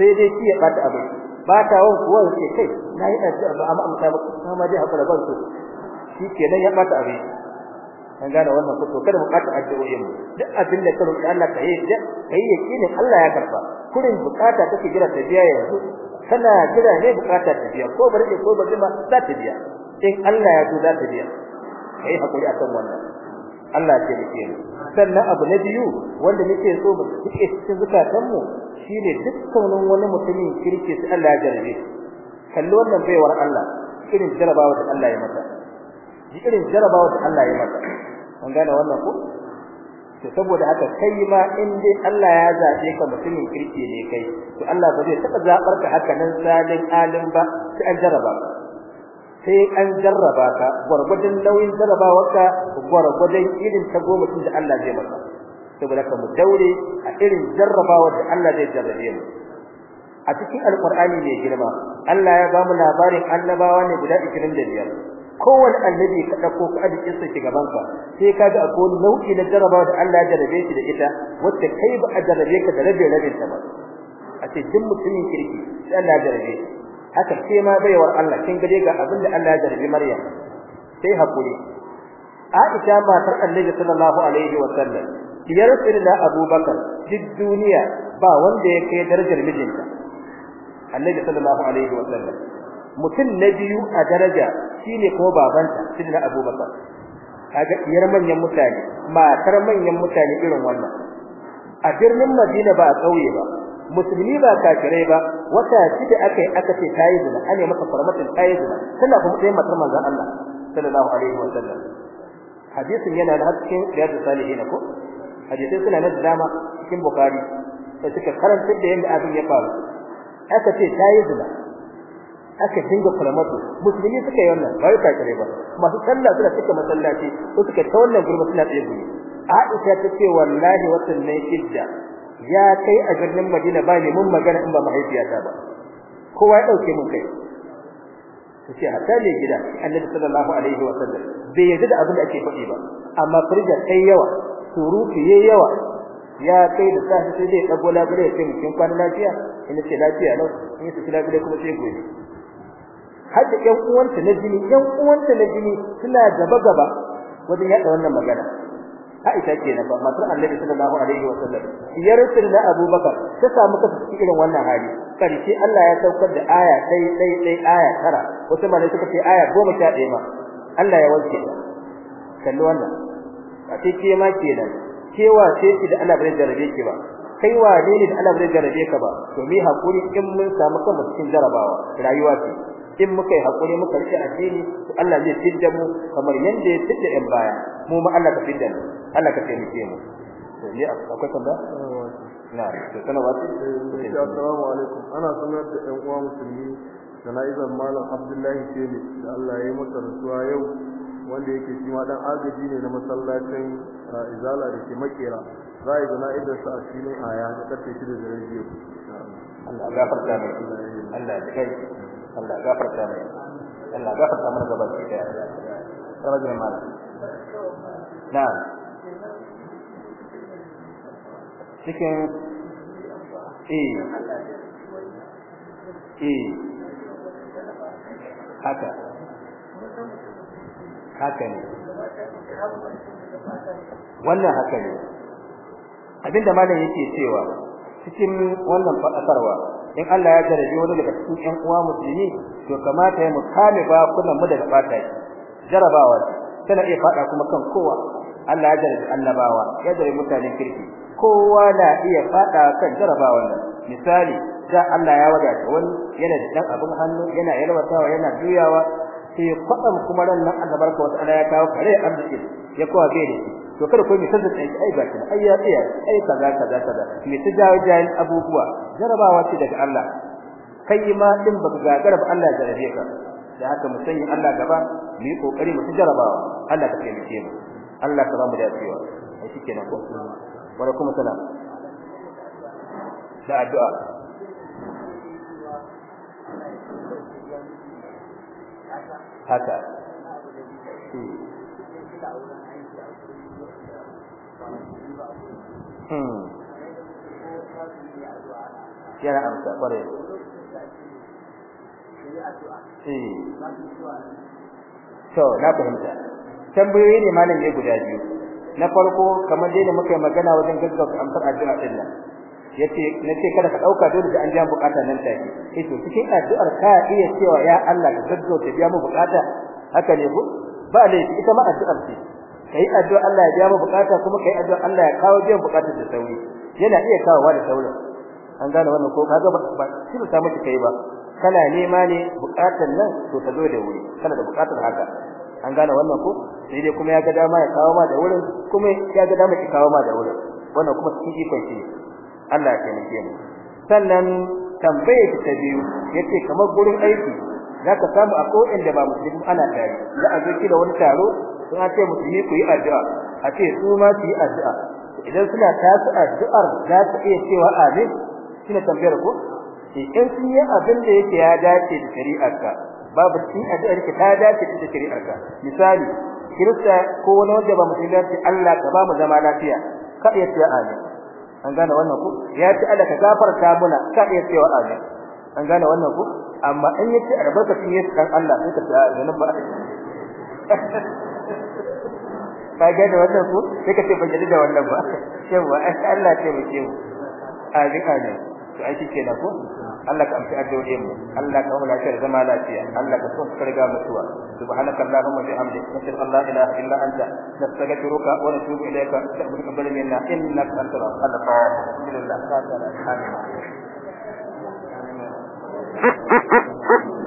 sai dai shi ya bata abaki ta wa kuwa yake kai na yi addu'a ba amma amsa ba kuma dai hakura ba su shi kenan ya bata abaki an gane wannan ko kada mu bata addu'o'in mu duk abin da ka Allah ka yi kai ne Allah ya karba kurin bukata take jira ta biya yanzu Kana jira ne bukata ta biya ko bari ko ba ma za ta biya in Allah ya so za ta biya kai hakuri a kan wannan Allah ya taimake mu sannan abu na biyu wanda nake so mu cike cikin zakatan mu shine dukkan wani mutumin kirki sai Allah ya jarabe kallo wannan baiwar Allah irin jarabawa da Allah ya mata irin jarabawa da Allah ya mata an gane wannan ko to saboda haka kai ma in dai Allah ya zabe ka mutumin kirki ne kai to Allah ba zai taba zabar ka haka nan salin alim ba sai an jarraba sai an jarraba ka gurgudun nauyin jarrabawarka gurgudun irin ta goma tun da Allah zai maka saboda ka mu daure a irin jarrabawar da Allah zai jarrabe mu a cikin alqur'ani ne girma Allah ya ba mu labarin annabawa ne guda 25 kowane annabi ka dauko ka ajiye sa ki gaban ka sai kaga akwai nau'i na jarabawa da Allah ya jarabe shi da ita wacce kai ba a jarabe ka da rabe rabin ta ba a ce duk mutumin kirki sai Allah ya jarabe haka sai ma baiwar Allah kin gade ga abin da Allah ya jarabe Maryam sai hakuri Aisha tar Annabi sallallahu alaihi wa sallam diyar sirna Abubakar duk duniya ba wanda ya kai darajar mijinta Annabi sallallahu alaihi wa sallam mutum na biyu a daraja shine kuma babanta na abubakar kaga iyar manyan mutane matar manyan mutane irin wannan a birnin madina ba a kauye ba musulmi ba kafirai ba wata shida aka yi aka ce tayi zina ane masa farmatin tayi zina tana kuma tsayin matar manzon Allah sallallahu alaihi wa hadisin yana da cikin riyadu salihin ko hadisin suna na dama cikin bukhari da suka karanta da yadda abin ya faru aka ce tayi zina aka dinga kuramatu musulmi suka yi wannan bai ta kare ba masu sallah suka suka masallaci ko suka ta wannan gurbi suna tsaye su Aisha ta ce wallahi watan ne kidda. ya kai a garin Madina ba ne mun magana in ba mahaifiyata ba kowa ya dauke mun kai sai hatta ne gida annabi sallallahu alaihi wa sallam bai yarda da abin da ake faɗi ba amma firja kai yawa surutu yayi yawa ya kai da sahi sai dai dago labure sai mun kwana lafiya ina ce lafiya lau in su lafiya kuma sai gobe hadda da ƴan uwanta na jini ƴan uwanta na jini suna gaba gaba wajen yaɗa wannan magana Aisha kenan fa matar Annabi sallallahu alaihi wa sallam yar sirna Abubakar ta samu kafa cikin irin wannan hali karshe Allah ya saukar da aya dai dai dai aya tara wasu malai suka ce aya 11 ma Allah ya wanke kalli wannan a cikin ma kenan cewa sai ki da Allah bai jarabe ki ba kai wa ne da Allah bai jarabe ka ba to mi hakuri in mun samu kanmu cikin jarabawa rayuwa ce in muka yi hakuri muka rike addini to Allah zai fidda mu kamar yanda ya fidda ɗan baya mu ma Allah ka fidda mu Allah ka taimake mu to ni akwai tambaya na to kana wato eh, assalamu alaikum ana sanar da ɗan uwa musulmi jana'izar malam Abdullahi Kele da Allah ya yi masa rasuwa yau wanda yake shi ma dan agaji ne na masallacin eh, izala da ke makera za a yi jana'izar sa a filin aya da karfe shi da rabi Allah ya farka mai Allah ya kai Allah gafarta mai Allah gafarta mana gaba cikin eh, eh, haka haka ne wannan haka ne abinda malam yake cewa cikin wannan fadakarwa in Allah ya jarabe wani daga cikin ƴan uwa musulmi to kamata ya mutane ba kullum mu daga fata shi jarabawa tana iya fada kuma kan kowa Allah ya jarabe annabawa ya jarabe mutanen kirki kowa na iya fada kan jarabawan nan misali da Allah ya ta wani yana da dan abin hannu yana yalwatawa yana juyawa sai kwadan kuma ran nan Allah barka wa ta'ala ya kawo kare arziki ya kowa bai da to kada ku misal da ai ba shi ai ya tsaya ai kaza kaza kaza me ta jawo jayin abubuwa jarabawa ce daga Allah kai ma din ba ga garba Allah ya jarabe ka da haka mu sanya Allah gaba mu yi kokari mu jarabawa Allah ka taimake mu Allah ka ba mu dacewa ai shikenan ko wa alaikum salam da addu'a haka hmm yana amsa kwarai So eh. na fahimta tambayoyi ne malam ya guda biyu na farko kamar dai da muka yi magana wajen gaggauta amsar addu'a din nan yace nace kada ka dauka dole da an ji bukata nan take eh to cikin addu'ar ka iya cewa ya Allah ka ta biya mu bukata haka ne ko ba ne ita ma addu'ar ce kai addu'a Allah ya biya mu bukata kuma kai addu'a Allah ya kawo biyan bukatar da sauri yana iya kawo da sauri an gane wannan ko kaga ba shi ta miki kai ba kana nema ne bukatun nan to ta zo da wuri kana da bukatun haka an gane wannan ko sai dai kuma ya ga dama ya kawo ma da wurin kuma ya ga dama ki kawo ma da wuri wannan kuma cikin ikon shi Allah ya taimake kenan. sannan tambaye ki ta biyu yace kamar gurin aiki zaka samu a ko inda ba musulmi ana tare za a zo ki da wani taro a ce musulmi ku yi addu'a a ce su ma su yi addu'a idan suna tasu addu'ar za ta iya cewa amin Kina tambayar ko eh, in sun yi abin da yake ya dace da shari'ar ka babu shi a da yake ta dace da shari'ar ka misali kirista ko wani wanda ba musulmi ce Allah ka ba mu zama lafiya ka iya cewa amin an gane wannan ko ya ci Allah ka gafarta muna ka iya cewa amin an gane wannan ko amma in yace albarkacin Yesu dan Allah sai ka ta ganin ba (laughs) ka gane wannan ko sai ka ce ban da wannan ba cewa (laughs) Allah ce mu ce mu amin amin to ai kike ko Allah ka amshi addu'o'in mu Allah ka wala ka zama lafiya Allah ka so ka mutuwa subhanaka allahumma bihamdika nashhadu an la ilaha illa anta nastaghfiruka wa natubu ilayka taqabbal minna innaka antal ghafurur rahim alhamdulillah